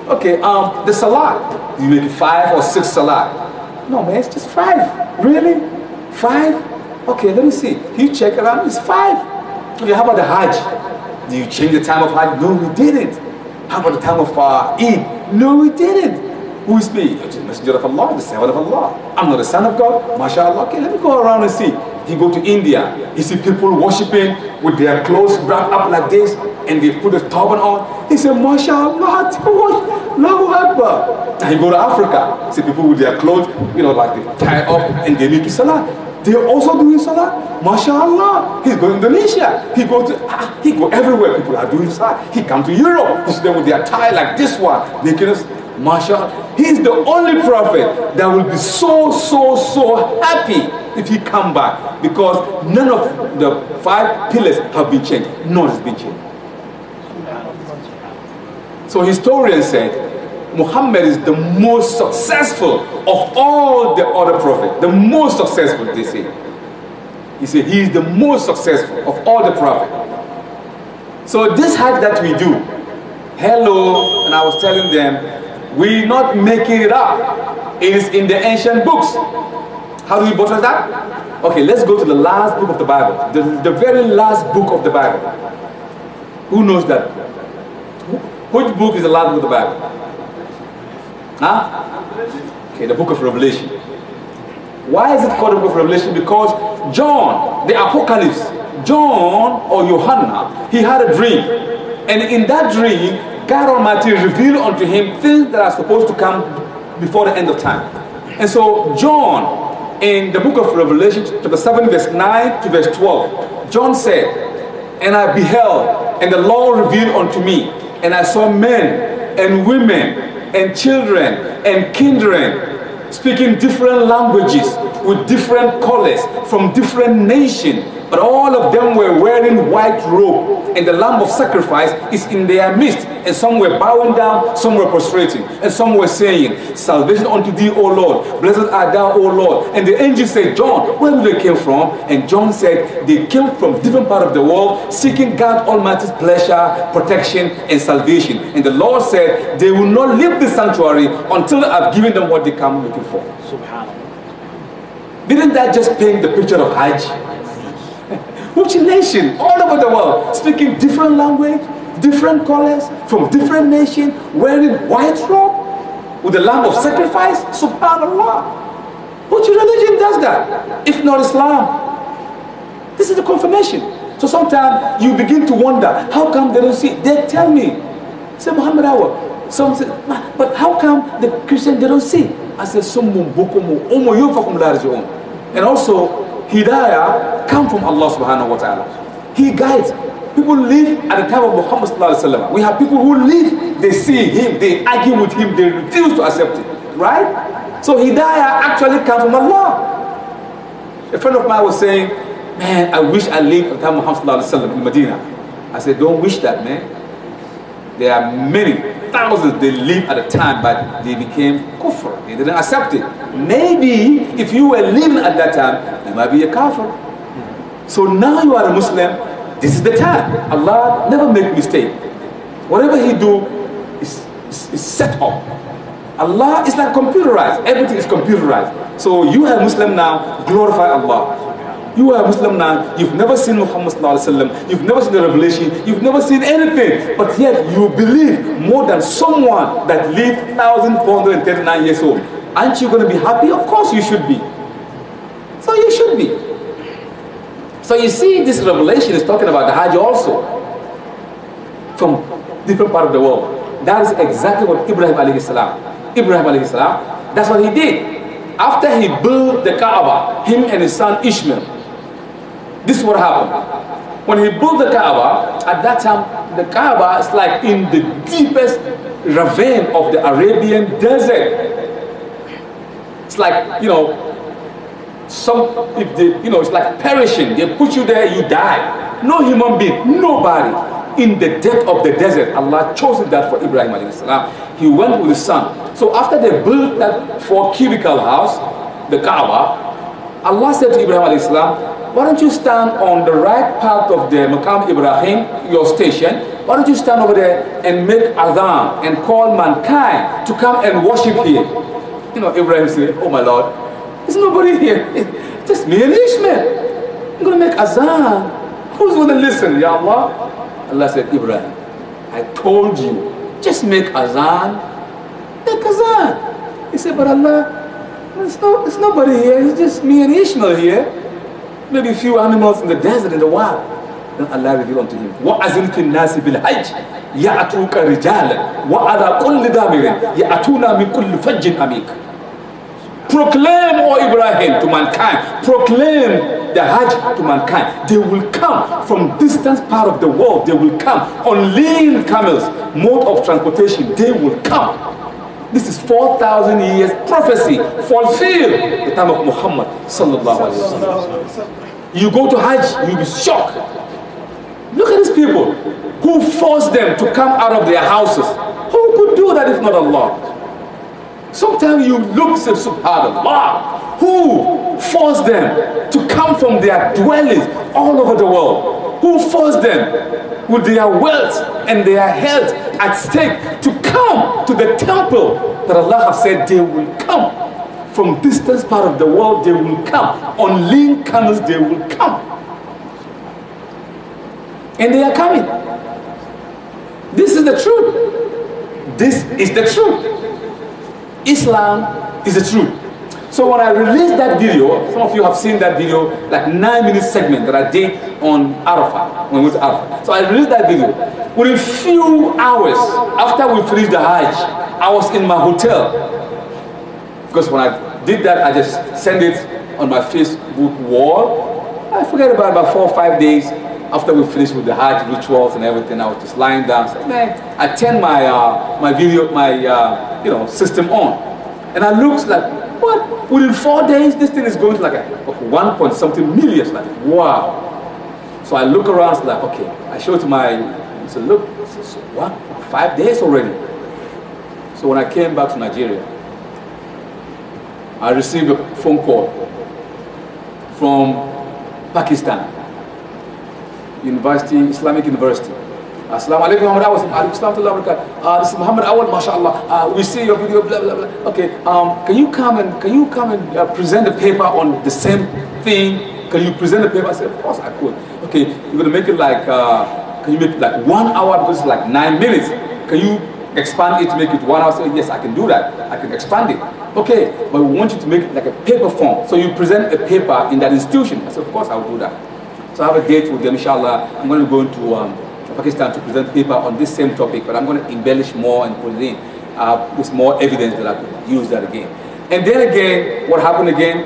Okay, um, the salat. You make five or six salat. No, man, it's just five. Really? Five? Okay, let me see. You check around, it's five. Okay, how about the Hajj? Do you change the time of Hajj? No, we did it. How about the time of uh, Eid? No, we didn't. Who is me? I'm the messenger of Allah, the servant of Allah. I'm not the son of God. MashaAllah. Okay, let me go around and see. He go to India. He see people worshipping with their clothes wrapped up like this and they put a turban on. He said, MashaAllah, Allahu Akbar. And he go to Africa. See people with their clothes, you know, like they tie up and they need to Salah. They're also doing salah. MashaAllah. he's going Indonesia. He goes, to, ah, ah, he go everywhere. People are doing salah. He come to Europe. You see them with their tie like this one. They can just, MashaAllah. He's the only prophet that will be so, so, so happy if he come back. Because none of the five pillars have been changed. None has been changed. So historians said Muhammad is the most successful of all the other prophets. The most successful, they say. He said he is the most successful of all the prophets. So this hack that we do, hello, and I was telling them, we're not making it up. It is in the ancient books. How do we bottle that? Okay, let's go to the last book of the Bible. The, the very last book of the Bible. Who knows that? Which book is the last book of the Bible? Huh? Okay, the book of Revelation. Why is it called the book of Revelation? Because John, the apocalypse, John or Johanna, he had a dream. And in that dream, God Almighty revealed unto him things that are supposed to come before the end of time. And so John, in the book of Revelation, chapter 7, verse 9 to verse 12, John said, And I beheld, and the Lord revealed unto me, and I saw men and women and children and kindred, speaking different languages with different colors from different nations but all of them were wearing white robe, and the lamb of sacrifice is in their midst. And some were bowing down, some were prostrating, and some were saying, Salvation unto thee, O Lord, blessed art thou, O Lord. And the angel said, John, where do they came from? And John said, They came from different part of the world, seeking God Almighty's pleasure, protection, and salvation. And the Lord said, They will not leave the sanctuary until I've given them what they come looking for. Didn't that just paint the picture of Hajj? multi-nation all over the world, speaking different language, different colors, from different nation, wearing white robe with the lamb of sacrifice. Subhanallah. Which religion does that? If not Islam. This is the confirmation. So sometimes you begin to wonder, how come they don't see it? They tell me. Say Muhammad Awa. Some say, but how come the Christian they don't see? I said, And also Hidayah come from Allah subhanahu wa ta'ala. He guides. People live at the time of Muhammad sallallahu We have people who live, they see him, they argue with him, they refuse to accept it. Right? So Hidayah actually comes from Allah. A friend of mine was saying, man, I wish I lived at the time of Muhammad sallallahu in Medina. I said, don't wish that, man. There are many, thousands, they live at a time, but they became kufr. They didn't accept it. Maybe if you were living at that time, you might be a kafir. So now you are a Muslim, this is the time. Allah never make mistake. Whatever he do is, is, is set up. Allah is not computerized. Everything is computerized. So you are Muslim now, glorify Allah. You are a Muslim now, you've never seen Muhammad you've never seen the revelation, you've never seen anything, but yet you believe more than someone that lived 1,439 years old. Aren't you going to be happy? Of course you should be. So you should be. So you see, this revelation is talking about the Hajj also from different part of the world. That is exactly what Ibrahim alayhi salam. Ibrahim alayhi salam. That's what he did. After he built the Kaaba, him and his son Ishmael. This is what happened. When he built the Kaaba, at that time, the Kaaba is like in the deepest ravine of the Arabian desert. It's like, you know, some, if they, you know, it's like perishing. They put you there, you die. No human being, nobody. In the depth of the desert, Allah chose that for Ibrahim He went with his son. So after they built that four cubicle house, the Kaaba, Allah said to Ibrahim why don't you stand on the right part of the Maqam Ibrahim, your station, why don't you stand over there and make adhan and call mankind to come and worship here. You know, Abraham said, oh my Lord, there's nobody here. It's [LAUGHS] just me and Ishmael. I'm going to make azan. Who's going to listen, Ya Allah? Allah said, Ibrahim, I told you, just make azan. Make azan. He said, but Allah, there's, no, there's nobody here. It's just me and Ishmael here. Maybe a few animals in the desert, in the wild. Then Allah revealed unto him, وَأَزِنْ فِي النَّاسِ بِالْحَجِّ يأتوك رجالا وعلى كل دامر يأتونا من كل فج amik." Proclaim, O Ibrahim, to mankind. Proclaim the Hajj to mankind. They will come from distant part of the world. They will come on lean camels, mode of transportation. They will come. This is 4,000 years prophecy fulfilled the time of Muhammad sallallahu alaihi wasallam. You go to Hajj, you'll be shocked. Look at these people who forced them to come out of their houses. Who could do that if not Allah? Sometimes you look say, subhanallah, who forced them to come from their dwellings all over the world? Who forced them with their wealth and their health at stake to come to the temple that Allah has said they will come? From distant part of the world they will come. On lean camels they will come. And they are coming. This is the truth. This is the truth. Islam is the truth. So when I released that video, some of you have seen that video, like nine minute segment that I did on Arafah, when we went to So I released that video. Within few hours after we finished the Hajj, I was in my hotel. Because when I did that, I just sent it on my Facebook wall. I forget about about four or five days after we finished with the Hajj rituals and everything, I was just lying down. man, I turned my uh, my video, my uh, you know, system on, and I looked like, what? Within four days, this thing is going to like a, one point something million. Like, wow. So I look around, like, okay. I show to my, I said, look, what? Five days already. So when I came back to Nigeria, I received a phone call from Pakistan. University, Islamic University. Assalamu alaikum Muhammad Awal. Uh, this is Muhammad Awal, mashallah. Uh, we see your video, blah, blah, blah. Okay, um, can you come and, can you come and uh, present a paper on the same thing? Can you present a paper? I said, of course I could. Okay, you're gonna make it like, uh, can you make it like one hour because it's like nine minutes. Can you expand it, make it one hour? So, yes, I can do that. I can expand it. Okay, but we want you to make it like a paper form. So you present a paper in that institution. I said, of course I will do that. So I have a date with them, inshallah. I'm going to go to um, Pakistan to present a paper on this same topic, but I'm going to embellish more and put it in uh, with more evidence that I could use that again. And then again, what happened again?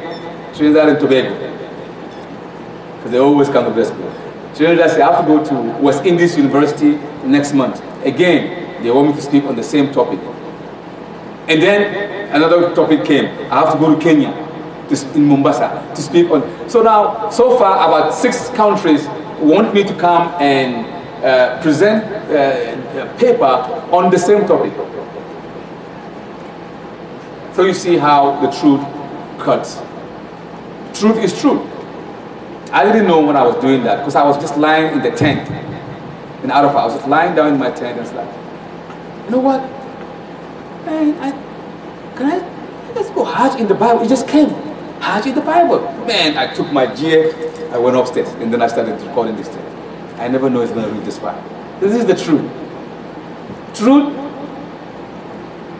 Trinidad and Tobago. Because they always come to best school. Trinidad said, I have to go to West Indies University next month. Again, they want me to speak on the same topic. And then another topic came. I have to go to Kenya to, in Mombasa to speak on. So now, so far, about six countries want me to come and uh, present uh, a paper on the same topic. So you see how the truth cuts. Truth is truth. I didn't know when I was doing that because I was just lying in the tent in Arafah. I was just lying down in my tent and it's like, you know what? Man, I, can I, just go hard in the Bible. It just came. How do the Bible? Man, I took my gear, I went upstairs, and then I started recording this thing. I never know it's going to read this far. This is the truth. Truth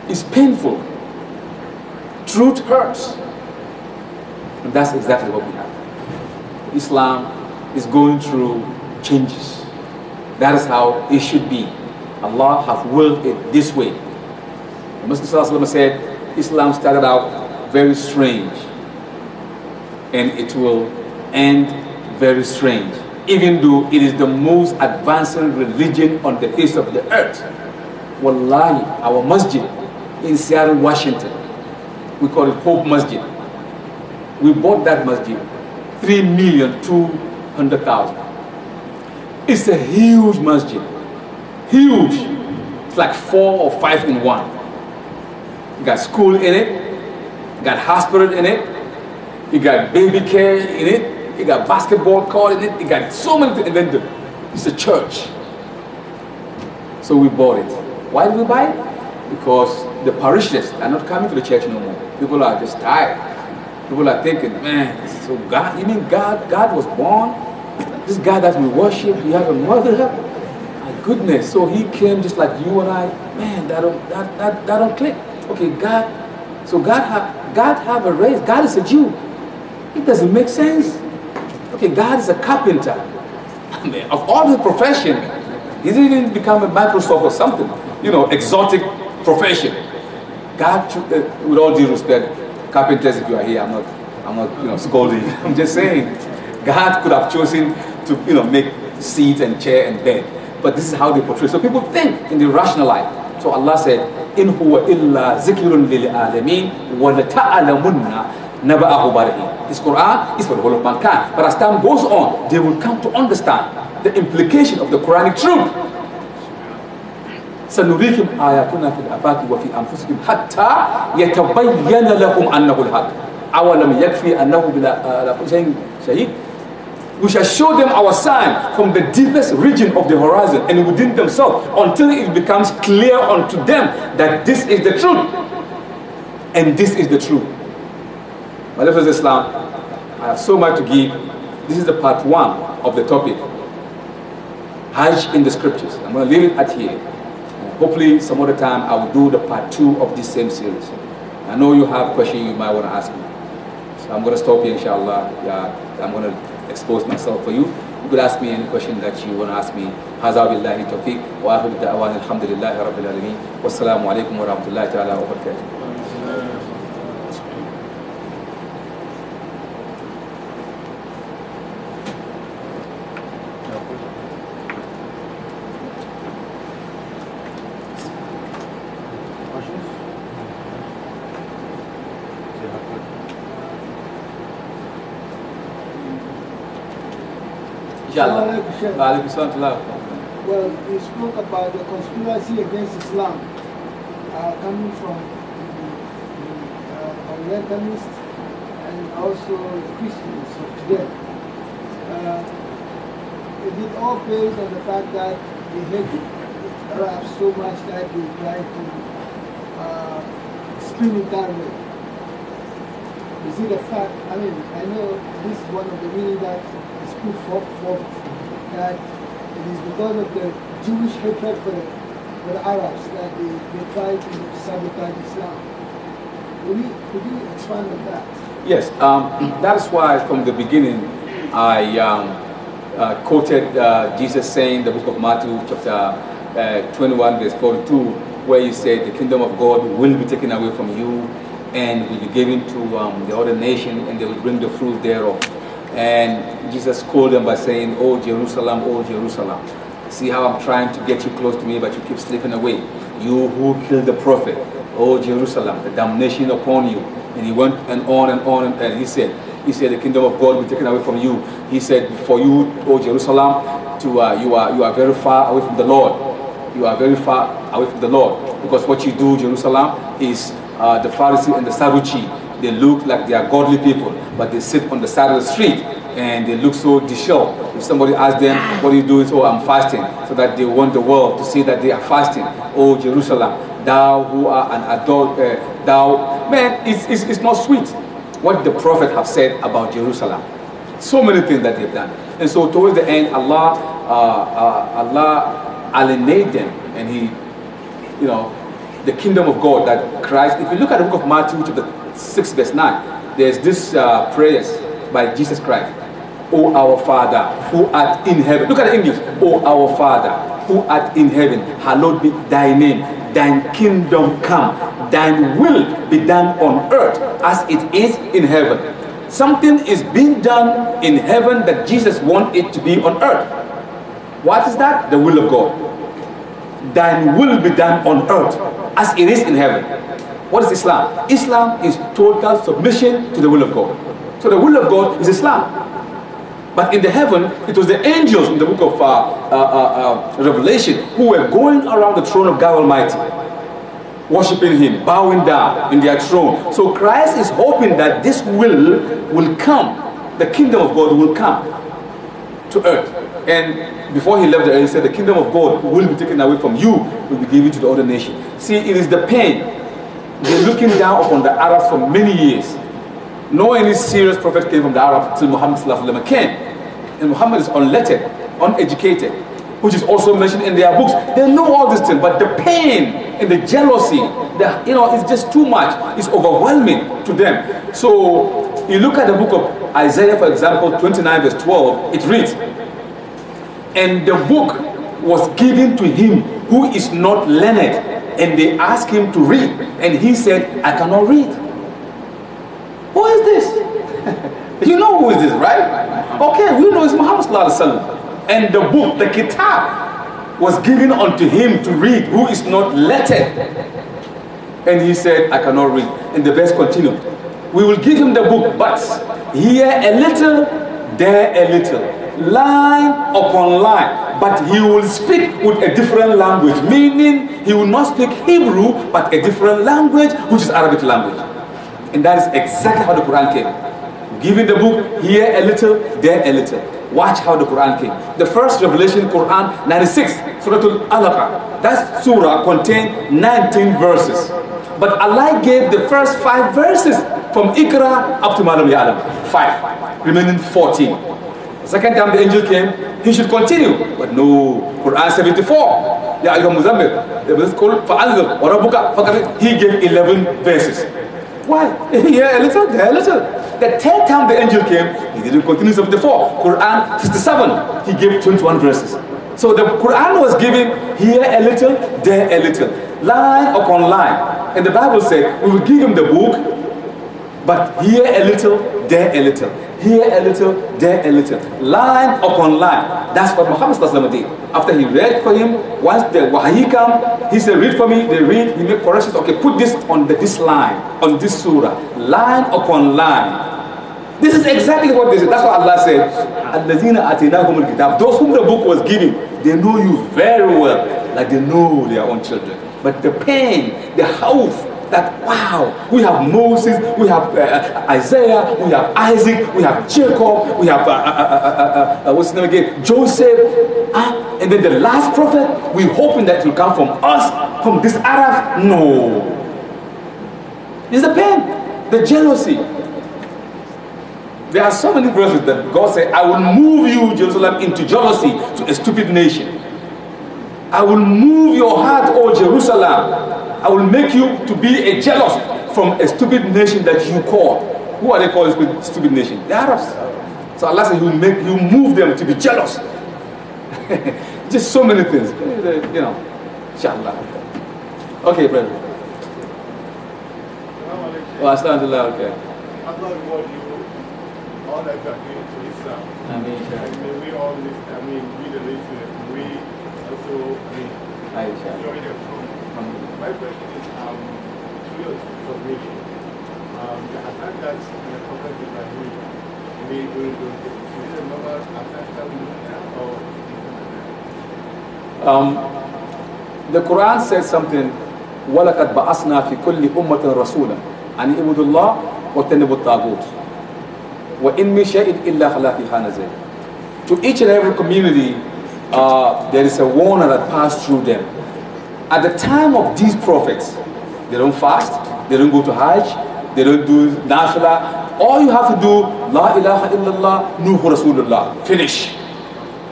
is painful. Truth hurts. And that's exactly what we have. Islam is going through changes. That is how it should be. Allah have willed it this way. The Muslim said, Islam started out very strange and it will end very strange, even though it is the most advanced religion on the face of the earth. Wallahi, our masjid in Seattle, Washington, we call it Hope Masjid. We bought that masjid, three million two hundred thousand. It's a huge masjid, huge. It's like four or five in one. You got school in it, got hospital in it, you got baby care in it. You got basketball court in it. You got so many things. And then the, it's a church. So we bought it. Why did we buy it? Because the parishioners are not coming to the church no more. People are just tired. People are thinking, man, so God, you mean God, God was born? This God that we worship, he has a mother? My goodness. So he came just like you and I. Man, that don't, that, that, that don't click. Okay, God, so God have, God have a race. God is a Jew. It doesn't make sense. Okay, God is a carpenter. [LAUGHS] of all the profession, he didn't even become a Microsoft or something, you know, exotic profession. God, uh, with all due respect, carpenters, if you are here, I'm not, I'm not, you know, scolding. [LAUGHS] I'm just saying, God could have chosen to, you know, make seat and chair and bed. But this is how they portray. So people think in the rational rationalize. So Allah said, "In huwa illa zikirun lil alamin, wa ta'alamunna naba'ahu barihin." This Quran is for the whole of mankind. But as time goes on, they will come to understand the implication of the Quranic truth. سنريهم آياتنا في الآفاق وفي أنفسهم حتى يتبين لهم أنه الحق أولم يكفي أنه بلا شهيد we shall show them our sign from the deepest region of the horizon and within themselves until it becomes clear unto them that this is the truth and this is the truth my love is Islam. I have so much to give. This is the part one of the topic. Hajj in the scriptures. I'm going to leave it at here. Hopefully, some other time I will do the part two of this same series. I know you have questions you might want to ask me. So I'm going to stop here, inshallah. Yeah, I'm going to expose myself for you. You could ask me any question that you want to ask me. هذا بالله Wa واخر دعوانا الحمد لله رب العالمين والسلام عليكم ورحمه الله تعالى Inshallah. Well, you spoke about the conspiracy against Islam uh, coming from the uh, Orientalists and also Christians of today. Uh, it all based on the fact that they hate Arabs so much that they try to uh, spin it that way. Is it a fact, I mean, I know this is one of the reasons that who fought for that it is because of the Jewish hatred for the, for the Arabs that they, they try to sabotage Islam. Could you, could you expand on that? Yes, um, that is why from the beginning I um, uh, quoted uh, Jesus saying the book of Matthew chapter uh, 21 verse 42 where he said the kingdom of God will be taken away from you and will be given to um, the other nation and they will bring the fruit thereof. And Jesus called them by saying, Oh, Jerusalem, oh, Jerusalem. See how I'm trying to get you close to me, but you keep slipping away. You who killed the prophet, oh, Jerusalem, the damnation upon you. And he went and on and on and, and he said, he said, the kingdom of God will be taken away from you. He said, for you, oh Jerusalem, to, uh, you, are, you are very far away from the Lord. You are very far away from the Lord. Because what you do, Jerusalem, is uh, the Pharisee and the Sadducee they look like they are godly people, but they sit on the side of the street and they look so disheveled. If somebody asks them, what do you It's, Oh, I'm fasting. So that they want the world to see that they are fasting. Oh, Jerusalem, thou who are an adult, uh, thou... Man, it's, it's, it's not sweet what the prophet have said about Jerusalem. So many things that they've done. And so towards the end, Allah, uh, uh, Allah alienated them and he, you know, the kingdom of God that Christ, if you look at the book of Matthew, the 6 verse 9, there's this uh, prayers by Jesus Christ. O our Father, who art in heaven. Look at the English. O our Father, who art in heaven, hallowed be thy name. Thine kingdom come. Thine will be done on earth as it is in heaven. Something is being done in heaven that Jesus wants it to be on earth. What is that? The will of God. Thine will be done on earth as it is in heaven. What is Islam? Islam is total submission to the will of God. So the will of God is Islam. But in the heaven, it was the angels in the book of uh, uh, uh, uh, Revelation who were going around the throne of God Almighty, worshiping Him, bowing down in their throne. So Christ is hoping that this will will come, the kingdom of God will come to earth. And before he left the earth, he said, The kingdom of God will be taken away from you, will be given to the other nation. See, it is the pain they're looking down upon the Arabs for many years. No any serious prophet came from the Arabs till Muhammad Sallallahu came. And Muhammad is unlettered, uneducated, which is also mentioned in their books. They know all this thing, but the pain and the jealousy, the, you know, it's just too much. It's overwhelming to them. So you look at the book of Isaiah, for example, 29 verse 12, it reads, And the book was given to him who is not learned and they asked him to read and he said i cannot read who is this [LAUGHS] you know who is this right okay we know it's muhammad and the book the kitab was given unto him to read who is not lettered and he said i cannot read and the verse continued we will give him the book but here a little there a little line upon line, but he will speak with a different language, meaning he will not speak Hebrew, but a different language, which is Arabic language. And that is exactly how the Quran came. Giving the book here a little, there a little. Watch how the Quran came. The first revelation, Quran 96, Surah Al-Alaqah. That surah contained 19 verses. But Allah gave the first five verses from Ikra up to Malam Ya'lam. Five. Remaining 14. Second time the angel came, he should continue. But no, Quran 74. I Ayyuha Muzammil. It was called Warabuka, He gave 11 verses. Why? [LAUGHS] Yeah, a little, there, a little. The third time the angel came, he didn't continue 74. Quran 67, he gave 21 verses. So the Quran was given here a little, there a little, line upon line. And the Bible said, we will give him the book, but here a little, there a little, here a little, there a little, line upon line. That's what Muhammad did. After he read for him, once the Wahi he said, read for me, they read, he made corrections, okay, put this on the, this line, on this surah, line upon line. This is exactly what they said. That's what Allah said. Those whom the book was given, they know you very well, like they know their own children. But the pain, the house, that, wow, we have Moses, we have uh, uh, Isaiah, we have Isaac, we have Jacob, we have, uh, uh, uh what's his name again, Joseph. Ah, and then the last prophet, we're hoping that will come from us, from this Arab. No. It's the pain, the jealousy. There are so many verses that God said, I will move you, Jerusalem, into jealousy to a stupid nation. I will move your heart, O Jerusalem. I will make you to be a jealous from a stupid nation that you call. Who are they calling stupid, stupid nation? The Arabs. So Allah says, you make you move them to be jealous. [LAUGHS] Just so many things. You know, inshallah. Okay, brother. Well, Astaghfirullah, okay. Allah reward you all that got doing to Islam. Amen. May we all, I mean, be the reason so, I Hi, Um, my question is, um, through your submission, um, the attack the company by me, we attack that we or um, the Quran says something وَلَقَدْ بَعَثْنَا فِي كُلِّ أُمَّةٍ رَسُولًا أَنْ اعْبُدُوا اللَّهَ وَاجْتَنِبُوا الطَّاغُوتَ وَإِنْ مِنْ شَيْءٍ إِلَّا خَلَا فِي خَانَ To each and every community, uh, there is a warner that passed through them. At the time of these prophets, they don't fast, they don't go to Hajj, they don't do Nafila. All you have to do, La ilaha illallah, Nuhu Rasulullah. Finish.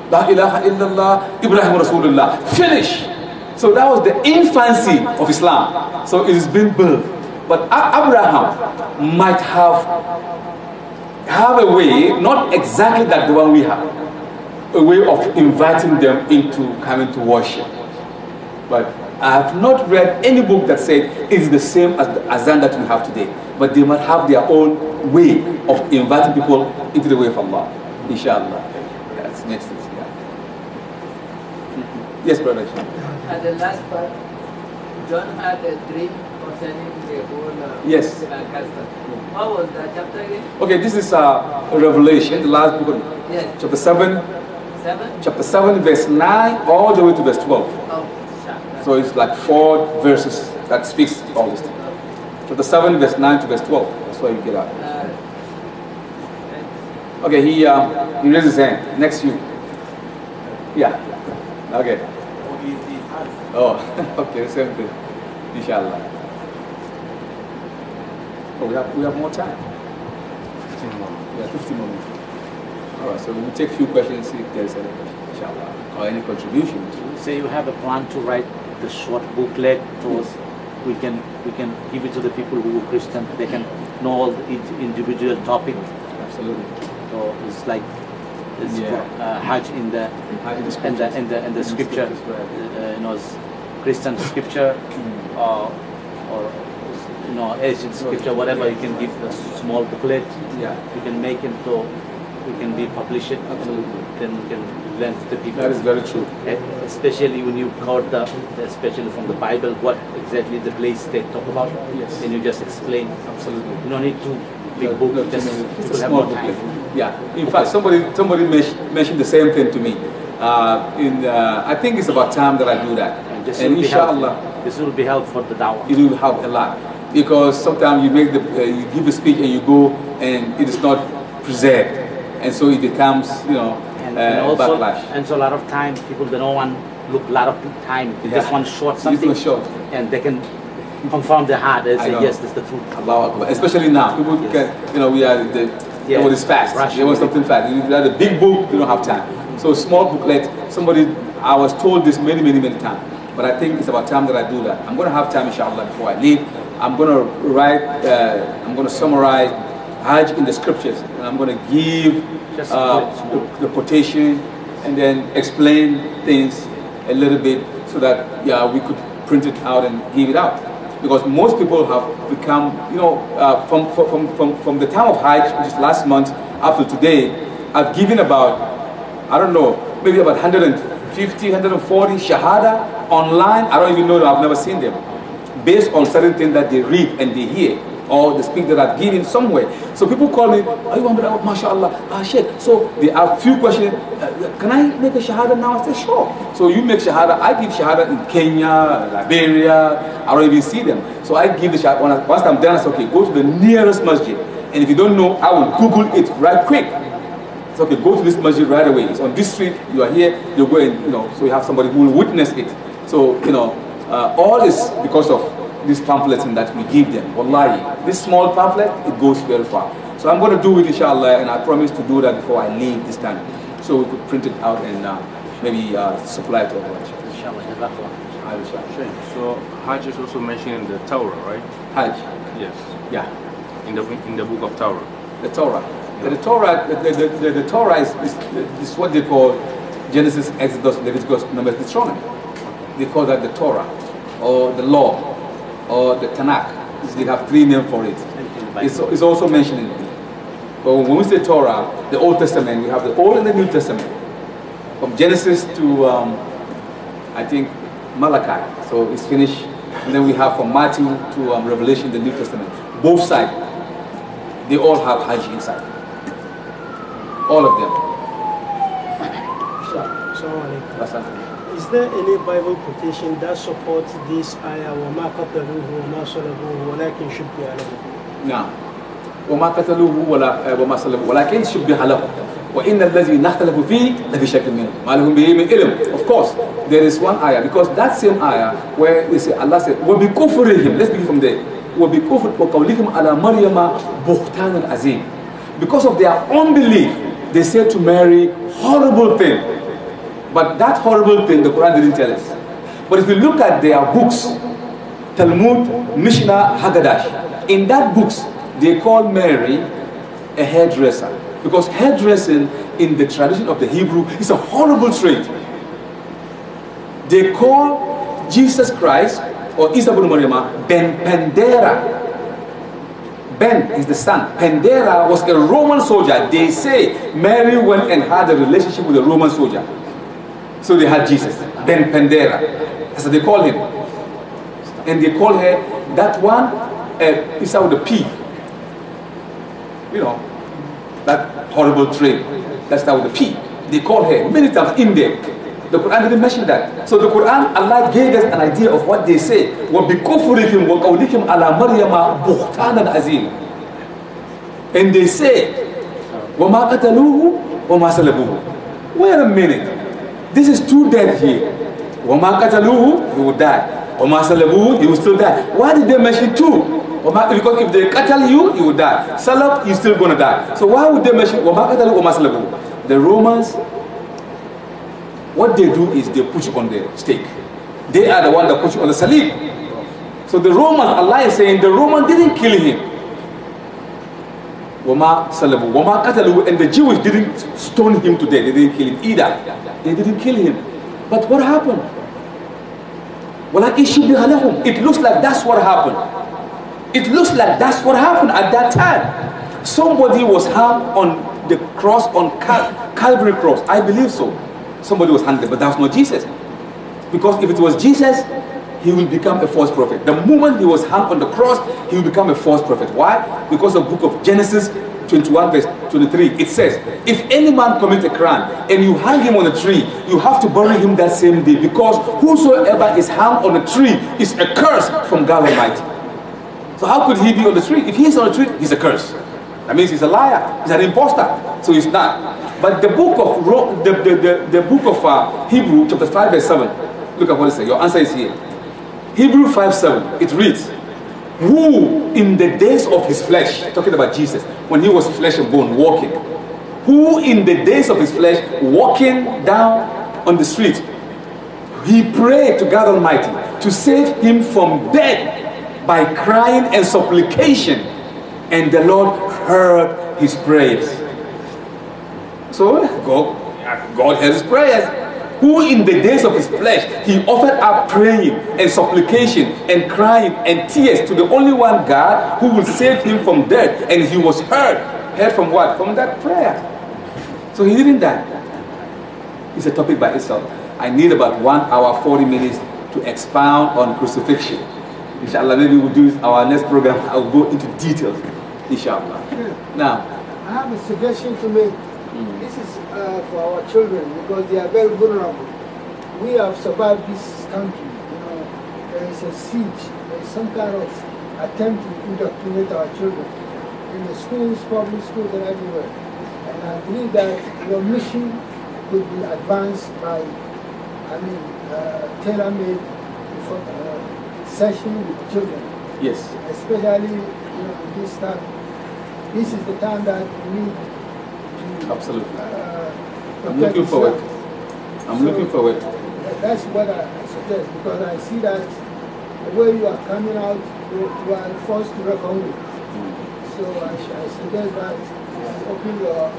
La ilaha illallah, Ibrahim Rasulullah. Finish. So that was the infancy of Islam. So it has been built. But Abraham might have have a way, not exactly like the one we have, a way of inviting them into coming to worship. But I have not read any book that said it's the same as the Azan that we have today. But they might have their own way of inviting people into the way of Allah. Inshallah. That's next. Mm-hmm. Yes, brother. And the last part, John had a dream concerning the whole uh, yes. What was that chapter again? Okay, this is uh, Revelation, the last book, yes. chapter 7, Seven? Chapter 7, verse 9, all the way to verse 12. Oh, so it's like four verses that speaks all this. Chapter 7, verse 9 to verse 12. That's where you get out. Uh, okay, he, uh, he raises his hand. Next you. Yeah. Okay. Oh, oh [LAUGHS] okay, same thing. Inshallah. Oh, we have, we have more time. 15 more. Yeah, 15 more minutes. All right, so we'll take a few questions, see if there's any questions, or any contribution? Say you have a plan to write the short booklet to us. We can, we can give it to the people who are Christian. They can know all the individual topics. Absolutely. So it's like it's yeah. uh, Hajj in the in the in the in the, scripture, uh, you know, Christian scripture, mm. or, or you know, Asian scripture, whatever. You can give a small booklet. Yeah. You can make it so we can be publish it, then we can lend to people. That is very true. Eh, especially when you quote the, especially from the Bible, what exactly the place they talk about. Yes. And you just explain. Absolutely. You don't need to big book, no, just it's a small book. Yeah. In okay. fact, somebody somebody mentioned the same thing to me. Uh, in uh, I think it's about time that I do that. And, this and inshallah, this will be help for the dawah. It will help a lot because sometimes you make the uh, you give a speech and you go and it is not preserved and so it becomes you know and, uh, and also, backlash. And so a lot of times people they don't want look a lot of time. They yeah. just want short something. Short. And they can confirm their heart and say yes, is the truth. Allah Especially now, people yes. can you know we are the yeah. what is fast. they want something fast. If you have a big book, you don't have time. So small booklet. Somebody I was told this many many many times. But I think it's about time that I do that. I'm going to have time, inshallah, before I leave. I'm going to write, uh, I'm going to summarize Hajj in the scriptures. And I'm going to give uh, the, the quotation and then explain things a little bit so that yeah we could print it out and give it out because most people have become you know uh, from, from, from, from the time of Hajj which is last month up to today I've given about I don't know maybe about 150 140 shahada online I don't even know I've never seen them based on certain things that they read and they hear or the speech that I've given somewhere. So people call me, are you that. Awad, mashallah, ah, Sheikh. So there are a few questions, uh, can I make a shahada now? I say, sure. So you make shahada, I give shahada in Kenya, Liberia, I don't even see them. So I give the shahada, once I'm done, I said, okay, go to the nearest masjid. And if you don't know, I will Google it right quick. It's okay, go to this masjid right away. It's on this street, you are here, you go and, you know, so you have somebody who will witness it. So, you know, uh, all this because of this pamphlet that we give them. Wallahi, this small pamphlet, it goes very far. So I'm going to do it inshallah and I promise to do that before I leave this time. So we could print it out and uh, maybe uh, supply it to everyone. So Hajj is also mentioned in the Torah, right? Hajj. Yes. Yeah. In the in the book of Torah. The Torah. Yeah. The, the, Torah. The, the, the, the Torah is, is, is what they call Genesis, Exodus, Leviticus, Numbers, Deuteronomy. They call that the Torah or the law or the Tanakh. They have three names for it. It's, it's also mentioned in it. But when we say Torah, the Old Testament, we have the Old and the New Testament. From Genesis to, um, I think, Malachi. So it's finished. And then we have from Matthew to um, Revelation, the New Testament. Both sides, they all have Hajj inside. All of them. Sure. Sure there any Bible quotation that supports this ayah, وَمَا قَتَلُوهُ وَمَا صَلَبُوهُ وَلَكِنْ شُبِّهَ لَهُمْ نعم وما قتلوه وما صلبوه ولكن شبه له وإن الذي اختلفوا فيه لفي شك منه ما لهم به من علم of course there is one ayah because that same ayah where we say Allah said وبكفرهم let's begin from there وبكفر وقولهم على مريم بهتانا عظيم because of their unbelief they said to Mary horrible thing but that horrible thing the Quran didn't tell us. But if we look at their books, Talmud, Mishnah, Haggadah, in that books, they call Mary a hairdresser. Because hairdressing in the tradition of the Hebrew is a horrible trade. They call Jesus Christ or Isabel Maria Ben Pendera. Ben is the son. Pendera was a Roman soldier. They say Mary went and had a relationship with a Roman soldier. So they had Jesus, then Pandera, That's what they call him. And they call her, that one uh, is out the P. You know, that horrible tree. That's out the P. They call her many times in there. The Quran didn't mention that. So the Quran, Allah gave us an idea of what they say. وَبِكُفْرِهِمْ وَقَوْلِهِمْ عَلَى مَرْيَمَ بُخْتَانًا azim, And they say, وَمَا قَتَلُوهُ وَمَا سَلَبُوهُ Wait a minute. This is too dead here. Oma kataluhu, he will die. Oma salabuhu, he will still die. Why did they mention two? Because if they cattle you, you will die. Salab, you're still going to die. So why would they mention Oma kataluhu, Oma salabuhu? The Romans, what they do is they put you on the stake. They are the one that put you on the salib. So the Romans, Allah is saying, the Roman didn't kill him. Wama Salamu, Wama Katalu, and the Jewish didn't stone him to death, they didn't kill him either. They didn't kill him. But what happened? It looks like that's what happened. It looks like that's what happened at that time. Somebody was hung on the cross, on Cal Calvary cross. I believe so. Somebody was hung there, but that was not Jesus. Because if it was Jesus, he will become a false prophet. The moment he was hung on the cross, he will become a false prophet. Why? Because the book of Genesis 21 verse 23, it says, If any man commit a crime and you hang him on a tree, you have to bury him that same day because whosoever is hung on a tree is a curse from God Almighty. So how could he be on the tree? If he's on a tree, he's a curse. That means he's a liar. He's an impostor. So he's not. But the book of the, the, the, the book of uh, Hebrew, chapter 5, verse 7, look at what it says. Your answer is here. Hebrew 5 7, it reads, Who in the days of his flesh, talking about Jesus, when he was flesh and bone walking, who in the days of his flesh walking down on the street, he prayed to God Almighty to save him from death by crying and supplication, and the Lord heard his prayers. So God, God heard his prayers who in the days of his flesh he offered up praying and supplication and crying and tears to the only one God who will save him from death, and he was heard. Heard from what? From that prayer. So he didn't die. It's a topic by itself. I need about one hour, 40 minutes to expound on crucifixion. Inshallah, maybe we'll do our next program. I'll go into details. Inshallah. Now, I have a suggestion to make. Mm. This is uh, for our children because they are very vulnerable. We have survived this country. You know, there is a siege, there is some kind of attempt to indoctrinate our children in the schools, public schools, and everywhere. And I believe that your mission could be advanced by, I mean, uh, tailor-made uh, session with children. Yes. Especially you know, this time. This is the time that we need to. Absolutely. Uh, I'm looking forward. I'm so looking forward. That's what I suggest because I see that the way you are coming out, you, are forced to reckon with. So I, I suggest that you open your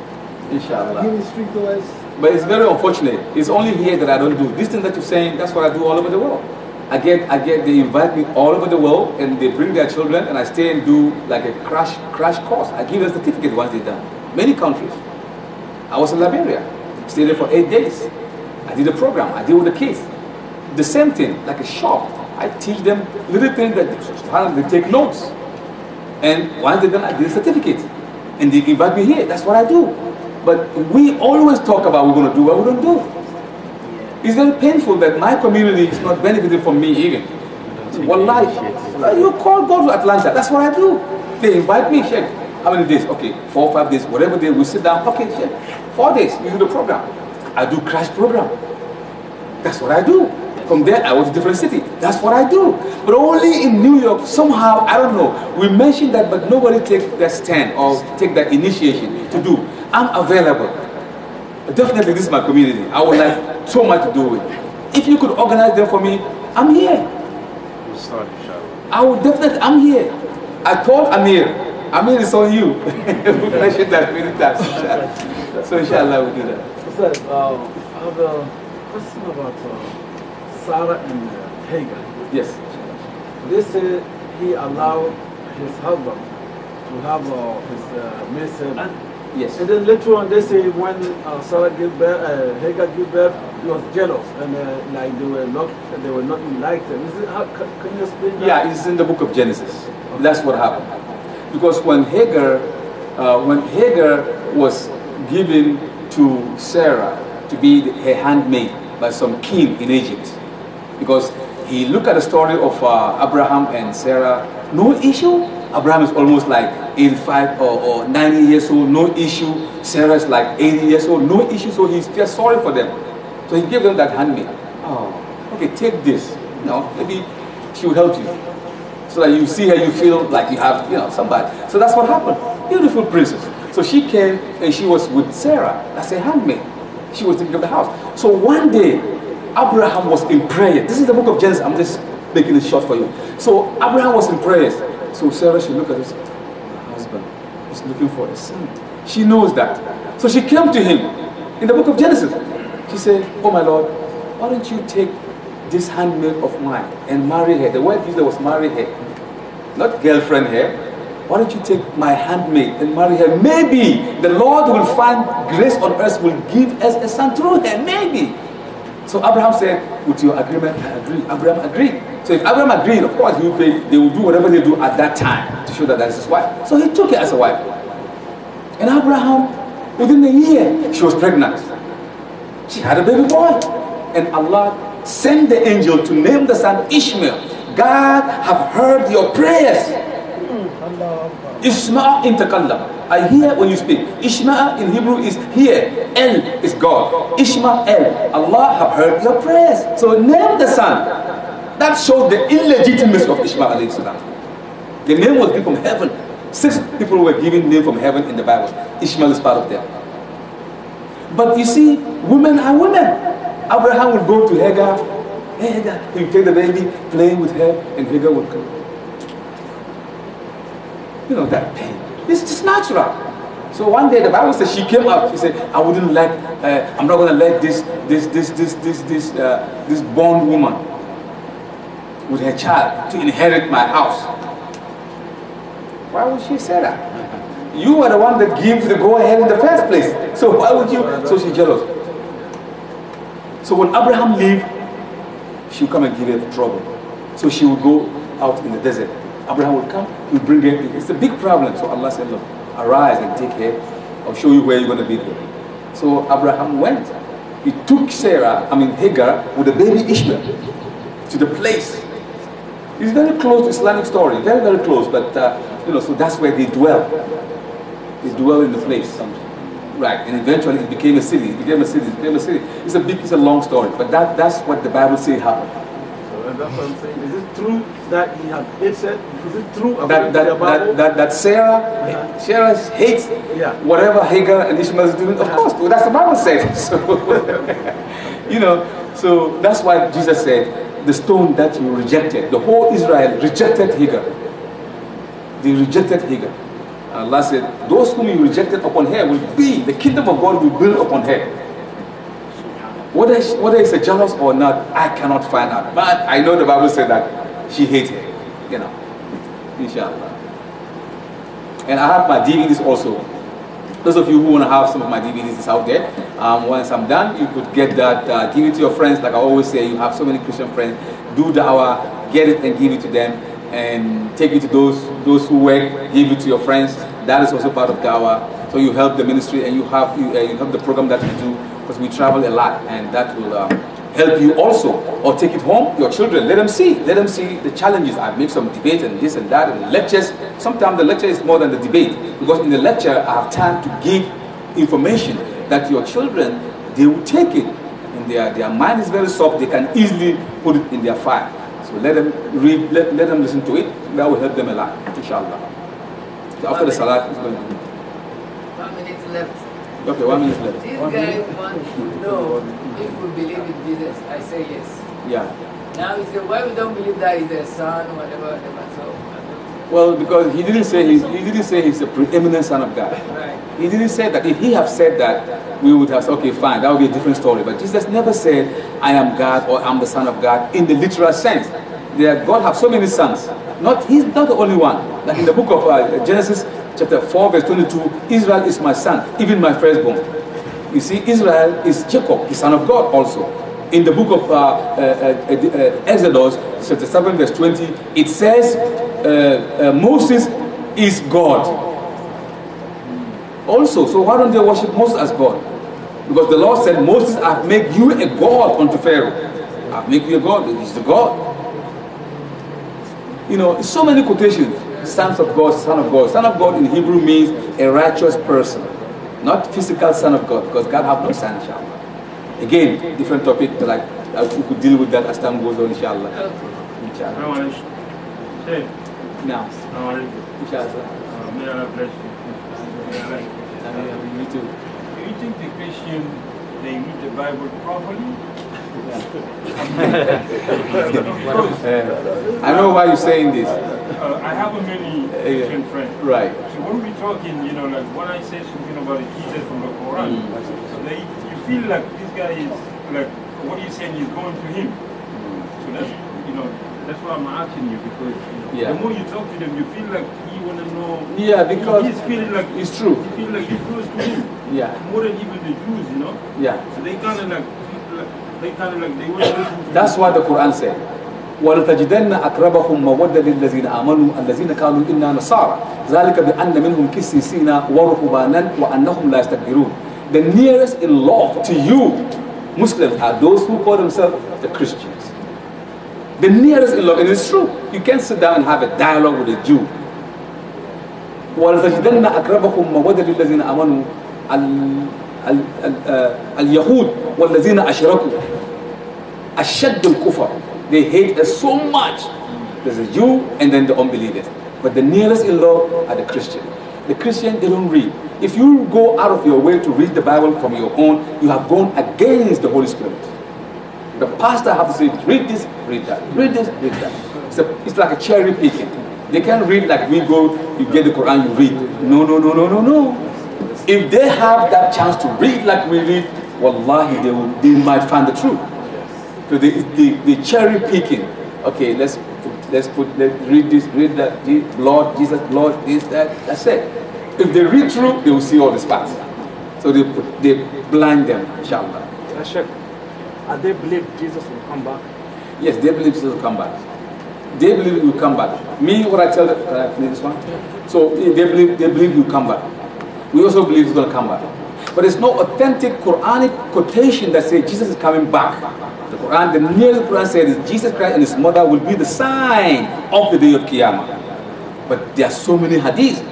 Inshallah. ministry to us. But it's very unfortunate. It's only here that I don't do. This thing that you're saying, that's what I do all over the world. I get, I get, they invite me all over the world and they bring their children and I stay and do like a crash, crash course. I give a certificate once they're done. Many countries. I was in Liberia. Stayed there for eight days. I did a program. I deal with the kids. The same thing, like a shop. I teach them little things that they take notes. And once they're done, I did a certificate. And they invite me here. That's what I do. But we always talk about we're going to do what we don't do. It's very painful that my community is not benefiting from me even. One life. You call, go to Atlanta. That's what I do. They invite me, Sheikh. How many days? Okay, four, or five days, whatever day, we sit down, okay, sure. Four days, you do the program. I do crash program. That's what I do. From there, I went to different city. That's what I do. But only in New York, somehow, I don't know, we mention that, but nobody takes that stand or take that initiation to do. I'm available. Definitely, this is my community. I would like so much to do it. If you could organize them for me, I'm here. We'll start, I would definitely, I'm here. I told Amir, I mean, it's on you. [LAUGHS] we mentioned that many times. So inshallah, we'll do that. What's um, I have a question about uh, Sarah and uh, Hagar. Yes. They say he allowed his husband to have uh, his uh, Yes. And then later on, they say when uh, Sarah gave birth, uh, Hagar gave birth, he was jealous and uh, like they were not, they were not liked. Is it, how, can, you explain that? Yeah, it's in the book of Genesis. Okay. That's what happened. Because when Hagar, uh, when Hagar was given to Sarah to be her handmaid by some king in Egypt, because he looked at the story of uh, Abraham and Sarah, no issue. Abraham is almost like 85 or, or 90 years old, no issue. Sarah is like 80 years old, no issue. So he feels sorry for them. So he gave them that handmaid. Oh, okay, take this. Now maybe she will help you. So that you see her, you feel like you have, you know, somebody. So that's what happened. Beautiful princess. So she came and she was with Sarah. as a handmaid. She was taking care of the house. So one day, Abraham was in prayer. This is the book of Genesis. I'm just making it short for you. So Abraham was in prayer. So Sarah, she looked at his husband. He's looking for a son. She knows that. So she came to him in the book of Genesis. She said, Oh my Lord, why don't you take this handmaid of mine and marry her. The word used was marry her, not girlfriend her. Why don't you take my handmaid and marry her? Maybe the Lord will find grace on earth, will give us a son through her. Maybe. So Abraham said, with your agreement, I agree. Abraham agreed. So if Abraham agreed, of course he will pay, they will do whatever they do at that time to show that that is his wife. So he took her as a wife. And Abraham, within a year, she was pregnant. She had a baby boy. And Allah sent the angel to name the son Ishmael. God have heard your prayers. Hmm. Ishmael interkallam. I hear when you speak. Ishmael in Hebrew is here. El is God. Ishmael, Allah have heard your prayers. So name the son. That shows the illegitimacy of Ishmael The name was given from heaven. Six people were given name from heaven in the Bible. Ishmael is part of them. But you see, women are women. Abraham will go to Hagar. Hagar, he will take the baby, playing with her, and Hagar will come. You know that pain. It's just natural. So one day the Bible says she came out. She said, "I wouldn't let. Uh, I'm not going to let this this this this this this uh, this born woman with her child to inherit my house." Why would she say that? You were the one that gave the go ahead in the first place. So why would you? So she's jealous. So when Abraham leave, she'll come and give her trouble. So she will go out in the desert. Abraham will come, he will bring her. It's a big problem. So Allah said, look, arise and take her. I'll show you where you're going to be there. So Abraham went. He took Sarah, I mean Hagar, with the baby Ishmael to the place. It's very close to Islamic story, very, very close. But, uh, you know, so that's where they dwell. They dwell in the place sometimes like, and eventually it became a city. It became a city. It became a city. It's a big, it's a long story, but that that's what the Bible says happened. So and that's what I'm saying. Is it true that he had hated? Is it true that that, that, that, that Sarah, uh-huh. Sarah hates yeah. whatever Hagar and Ishmael is doing? Of uh-huh. course, well, that's the Bible says. [LAUGHS] So, you know, so that's why Jesus said, the stone that you rejected, the whole Israel rejected Hagar. They rejected Hagar. Allah uh, said, those whom you rejected upon her will be, the kingdom of God will build upon her. Whether, she, whether it's a jealous or not, I cannot find out. But I know the Bible said that she hated her. You know, inshallah. And I have my DVDs also. Those of you who want to have some of my DVDs is out there. Um, once I'm done, you could get that, uh, give it to your friends. Like I always say, you have so many Christian friends. Do the hour, get it and give it to them and take it to those those who work, give it to your friends. That is also part of Gawa. So you help the ministry and you have you, uh, you help the program that we do because we travel a lot and that will um, help you also. Or take it home, your children, let them see. Let them see the challenges. I make some debate and this and that and lectures. Sometimes the lecture is more than the debate because in the lecture I have time to give information that your children, they will take it. And their, their mind is very soft, they can easily put it in their file. So let them read, let, let them listen to it. That will help them a lot, inshallah. So after the salat, it's going to be. One minute left. Okay, one minute left. This one guy minute. wants to know if we believe in Jesus. I say yes. Yeah. Now he said, why we don't believe that he's a son, whatever, whatever. So well, because he didn't say he's, he didn't say he's a preeminent son of God. He didn't say that. If he had said that, we would have said, okay, fine, that would be a different story. But Jesus never said, I am God or I'm the son of God in the literal sense. There, God have so many sons. Not, he's not the only one. Like in the book of uh, Genesis, chapter 4, verse 22, Israel is my son, even my firstborn. You see, Israel is Jacob, the son of God also in the book of uh uh, uh, uh, uh, Exodus, chapter 7, verse 20, it says Moses is God. Also, so why don't they worship Moses as God? Because the Lord said, Moses, I've made you a God unto Pharaoh. I've made you a God. He's the God. You know, so many quotations. Sons of God, Son of God. Son of God in Hebrew means a righteous person. Not physical Son of God, because God has no son, Again, different topic, but like, I, uh, we could deal with that as time goes on, inshallah. Inshallah. Hey. Now. Inshallah. Uh, may Allah bless you. You too. Do you think the Christian, they read the Bible properly? uh, [LAUGHS] I know why you're saying this. Uh, I have a many Christian uh, friends. Right. So when we're talking, you know, like when I say something about Jesus from the Quran, mm. so they, you feel like this guy is like, what are you saying? is going to him. So that's you know that's why I'm asking you because you know, yeah. the more you talk to them, you feel like you want to know. Yeah, because he's feeling like it's true. You feel like you're close to him. Yeah. More than even the Jews, you know. Yeah. So they kind of like, they kind of like they want to. that's what the Quran said. ولتجدن أقربهم مودة للذين آمنوا الذين قالوا إنا نصارى ذلك بأن منهم كسيسين ورهبانا وأنهم لا يستكبرون the nearest in love to you, Muslims, are those who call themselves the Christians. The nearest in love, and it's true. You can sit down and have a dialogue with a Jew. وَلَتَجِدَنَّ أَقْرَبَكُمْ مَوَدَّةً لِلَّذِينَ آمَنُوا اليهود والذين أشركوا أشد الكفر they hate us so much there's a Jew and then the unbelievers but the nearest in love are the Christian the Christian they don't read if you go out of your way to read the Bible from your own, you have gone against the Holy Spirit. The pastor have to say, read this, read that, read this, read that. It's, a, it's like a cherry picking. They can't read like we go, you get the Quran, you read. No, no, no, no, no, no. If they have that chance to read like we read, wallahi, they, will, they might find the truth. So the, the, the cherry picking, okay, let's let's put let's read this, read that, Lord Jesus, Lord this, that, that's it. If they read through, they will see all the spots. So they, they blind them, inshallah. Sheikh, are they believe Jesus will come back? Yes, they believe Jesus will come back. They believe he will come back. Me, what I tell them, can I finish this one? So they believe they believe will come back. We also believe he's gonna come back. But there's no authentic Quranic quotation that says Jesus is coming back. The Quran, the nearest Quran says is Jesus Christ and his mother will be the sign of the day of Qiyamah. But there are so many hadiths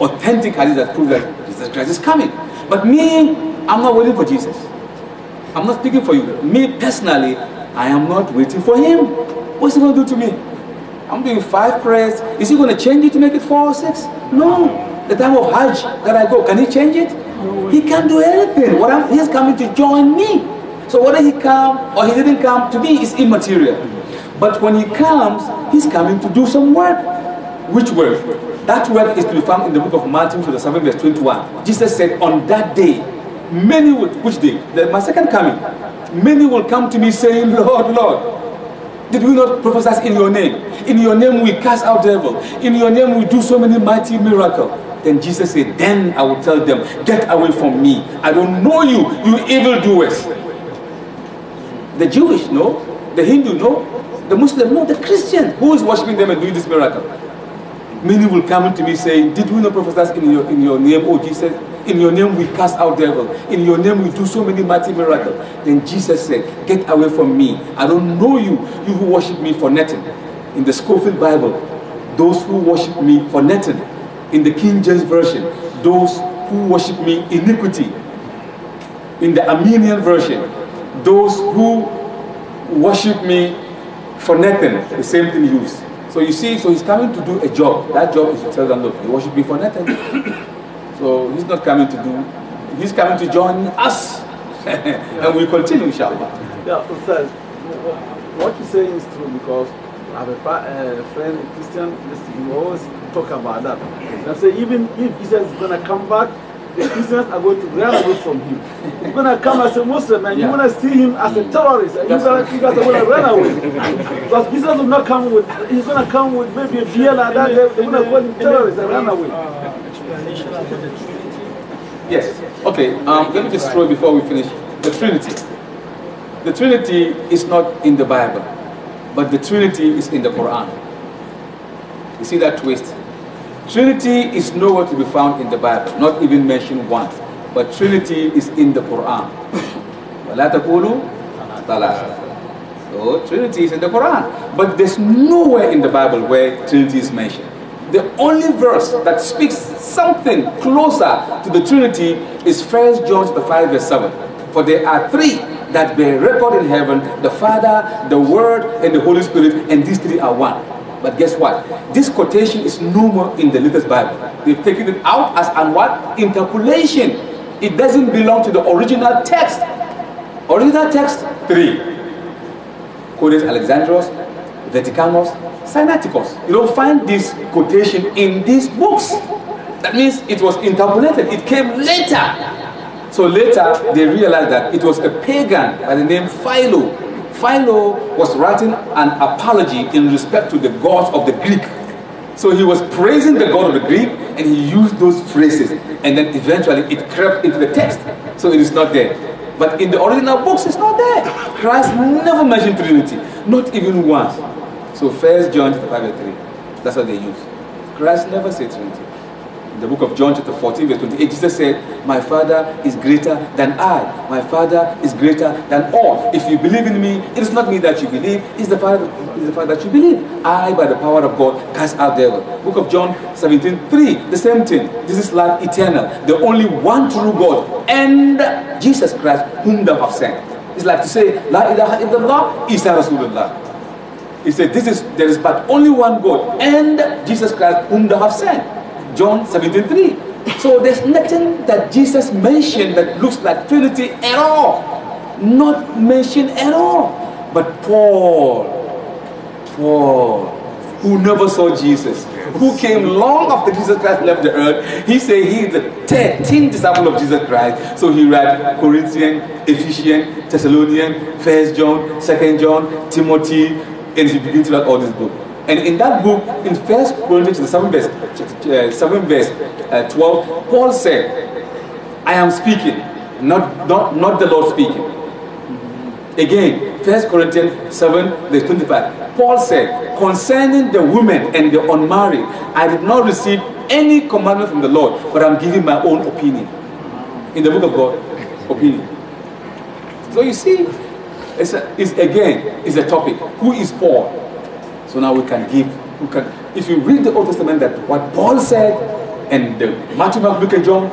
authentic hadith that proves that Jesus Christ is coming. But me, I'm not waiting for Jesus. I'm not speaking for you. Me personally, I am not waiting for him. What's he going to do to me? I'm doing five prayers. Is he going to change it to make it four or six? No. The time of Hajj that I go, can he change it? He can't do anything. What I'm, he's coming to join me. So whether he come or he didn't come, to me is immaterial. But when he comes, he's coming to do some work. Which work? That word is to be found in the book of Matthew, chapter 7, verse 21. Jesus said, On that day, many will, which day? The, my second coming. Many will come to me saying, Lord, Lord, did we not prophesy in your name? In your name we cast out devil. In your name we do so many mighty miracles. Then Jesus said, Then I will tell them, Get away from me. I don't know you, you evildoers. The Jewish, no. The Hindu, no. The Muslim, no. The Christian, who is worshiping them and doing this miracle? Many will come to me saying, did we not prophesy in your, in your name, oh Jesus? In your name we cast out devil, In your name we do so many mighty miracles. Then Jesus said, get away from me. I don't know you, you who worship me for nothing. In the Scofield Bible, those who worship me for nothing. In the King James Version, those who worship me iniquity. In the Armenian Version, those who worship me for nothing, the same thing used. So you see, so he's coming to do a job. That job is to tell them, look, you worship before nothing. [COUGHS] so he's not coming to do, he's coming to join us. [LAUGHS] and we continue, inshallah. Yeah, sir. what you say is true because I have a friend, friend, Christian, he always talk about that. And I say, even if Jesus is going to come back, the Christians are going to run away from him. He's going to come as a Muslim and yeah. you're going to see him as a mm. terrorist and you're gonna, you guys are going to run away. [LAUGHS] Because Jesus will not come with, he's going to come with maybe a beer like that, they're going to call him terrorist and run away. Yes. Okay, um, let me just throw before we finish. The Trinity. The Trinity is not in the Bible, but the Trinity is in the Quran. You see that twist? Trinity is nowhere to be found in the Bible, not even mentioned once. But Trinity is in the Quran. [COUGHS] so Trinity is in the Quran. But there's nowhere in the Bible where Trinity is mentioned. The only verse that speaks something closer to the Trinity is 1 John 5 verse 7. For there are three that bear record in heaven, the Father, the Word, and the Holy Spirit, and these three are one. But guess what? This quotation is no more in the Luther's Bible. They've taken it out as an what? Interpolation. It doesn't belong to the original text. Original text, three. Codex Alexandros, Vaticanus, Sinaiticus. You don't find this quotation in these books. That means it was interpolated. It came later. So later, they realized that it was a pagan by the name Philo Philo was writing an apology in respect to the gods of the Greek. So he was praising the god of the Greek and he used those phrases. And then eventually it crept into the text. So it is not there. But in the original books, it's not there. Christ never mentioned Trinity, not even once. So First John chapter 5 3, that's what they use. Christ never said Trinity the book of John chapter 14 verse 28, Jesus said, My Father is greater than I. My Father is greater than all. If you believe in me, it is not me that you believe, it's the Father, it's the Father that you believe. I, by the power of God, cast out devil. Book of John 17, 3, the same thing. This is life eternal. The only one true God and Jesus Christ whom thou have sent. It's like to say, La ilaha illallah, Isa Rasulullah. He said, this is, there is but only one God and Jesus Christ whom thou have sent. John 73. So there's nothing that Jesus mentioned that looks like Trinity at all. Not mentioned at all. But Paul, Paul, who never saw Jesus, who came long after Jesus Christ left the earth, he said he is the 13th disciple of Jesus Christ. So he read Corinthian, Ephesians, Thessalonian, First John, Second John, Timothy, and he begins to write all these books. And in that book, in First Corinthians, the verse, uh, verse uh, 12, Paul said, I am speaking, not, not, not the Lord speaking. Again, First Corinthians 7, verse 25. Paul said, Concerning the women and the unmarried, I did not receive any commandment from the Lord, but I'm giving my own opinion. In the book of God, opinion. So you see, it's, a, it's again, it's a topic. Who is Paul? So now we can give. We can, if you read the Old Testament, that what Paul said and the Matthew, Mark, Luke, and John,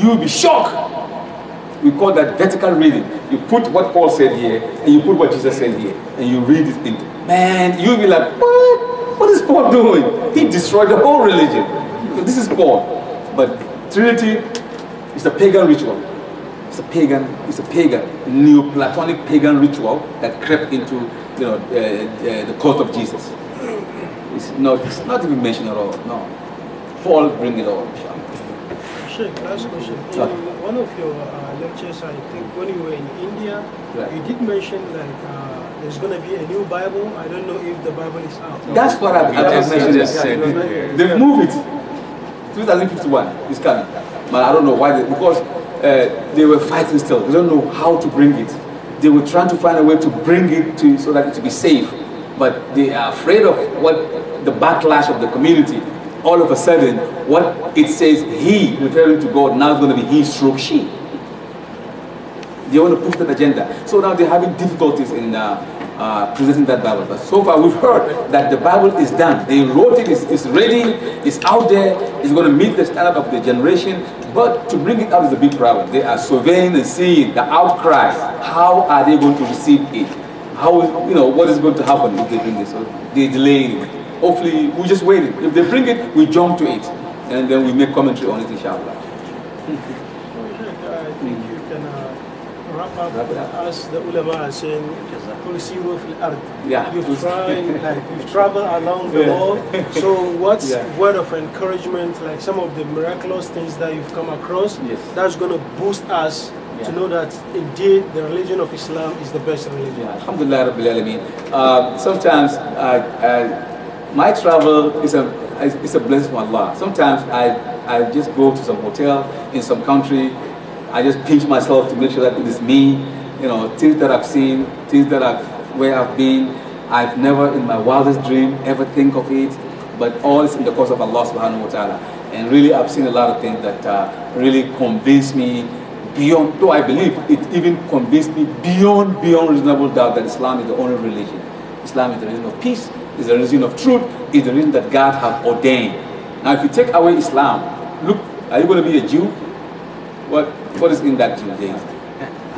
you will be shocked. We call that vertical reading. You put what Paul said here, and you put what Jesus said here, and you read it in. Man, you'll be like, what? What is Paul doing? He destroyed the whole religion. This is Paul. But Trinity is a pagan ritual. It's a pagan, it's a pagan, Neoplatonic pagan ritual that crept into you know, uh, uh, the cult of Jesus. It's not, it's not even mentioned at all, no. Paul bring it all. Sheikh, last question. In one of your uh, lectures, I think when you were in India, you did mention like uh, there's going to be a new Bible. I don't know if the Bible is out. That's what I, have just, mentioned. yeah, yeah. They've moved it. 2051 is coming. But I don't know why, they, because uh, they were fighting still. They don't know how to bring it. They were trying to find a way to bring it to so that it to be safe but they are afraid of what the backlash of the community. All of a sudden, what it says he, referring to God, now is going to be he stroke she. They want to push that agenda. So now they're having difficulties in uh, uh, presenting that Bible. But so far we've [LAUGHS] heard that the Bible is done. They wrote it, it's, it's ready, it's out there, it's going to meet the standard of the generation. But to bring it out is a big problem. They are surveying and seeing the outcry. How are they going to receive it? how, you know, what is going to happen if they bring this? So they delay it. Hopefully, we just wait. If they bring it, we jump to it. And then we make commentary on it, inshallah. Uh, as the ulama are saying, yeah. you've, [LAUGHS] tried, like, you've traveled along the world. So [LAUGHS] what's yeah. word of encouragement, like some of the miraculous things that you've come across, yes. that's going to boost us yeah. to know that indeed the religion of Islam is the best religion. Yeah. Alhamdulillah Rabbil Alameen. Um, sometimes I, I, my travel is a, it's a blessing from Allah. Sometimes I, I just go to some hotel in some country. I just pinch myself to make sure that it is me. You know, things that I've seen, things that I've, where I've been. I've never in my wildest dream ever think of it, but all is in the course of Allah subhanahu wa ta'ala. And really I've seen a lot of things that uh, really convince me beyond, though I believe it even convinced me beyond, beyond reasonable doubt that Islam is the only religion. Islam is the religion of peace, is the religion of truth, is the religion that God has ordained. Now, if you take away Islam, look, are you going to be a Jew? What, what is in that Judaism?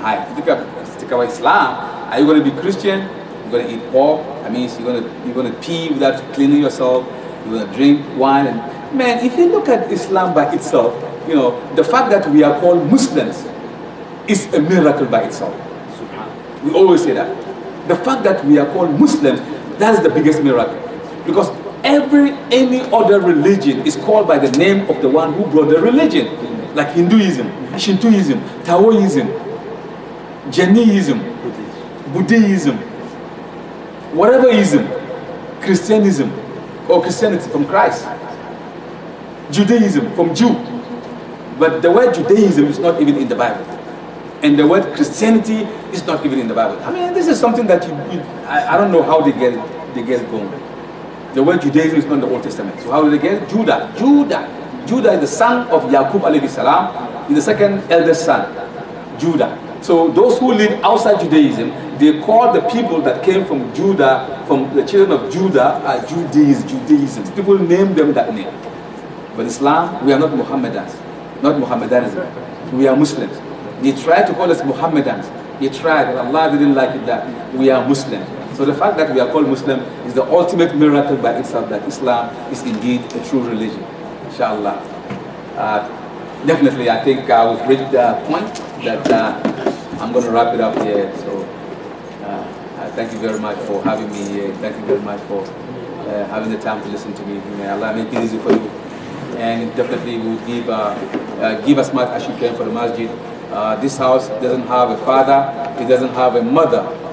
Hi, if you take, take away Islam, are you going to be Christian? You're going to eat pork. That means you're going to, you're going to pee without cleaning yourself. You're going to drink wine. And, man, if you look at Islam by itself, you know, the fact that we are called Muslims is a miracle by itself. We always say that. The fact that we are called Muslims, that's the biggest miracle. Because every any other religion is called by the name of the one who brought the religion. Like Hinduism, Shintoism, Taoism, Jainism, Buddhism, whatever ism, Christianism or Christianity from Christ, Judaism from Jew, but the word Judaism is not even in the Bible. And the word Christianity is not even in the Bible. I mean, this is something that you, you I, I, don't know how they get they get it going. The word Judaism is not in the Old Testament. So how do they get it? Judah. Judah. Judah is the son of Yaqub alayhi salam. He's the second eldest son. Judah. So those who live outside Judaism, they call the people that came from Judah, from the children of Judah, as Judaism. Judaism. People name them that name. But Islam, we are not Mohammedans not Muhammadanism. We are Muslims. They tried to call us Muhammadans. They tried, but Allah didn't like it that we are Muslims. So the fact that we are called Muslim is the ultimate miracle by itself that Islam is indeed a true religion. Inshallah. Uh, definitely, I think uh, we've reached the point that uh, I'm going to wrap it up here. So uh, uh, thank you very much for having me here. Thank you very much for uh, having the time to listen to me. May Allah make it easy for you and definitely will give, uh, uh, give as much as you can for the masjid. Uh, this house doesn't have a father, it doesn't have a mother,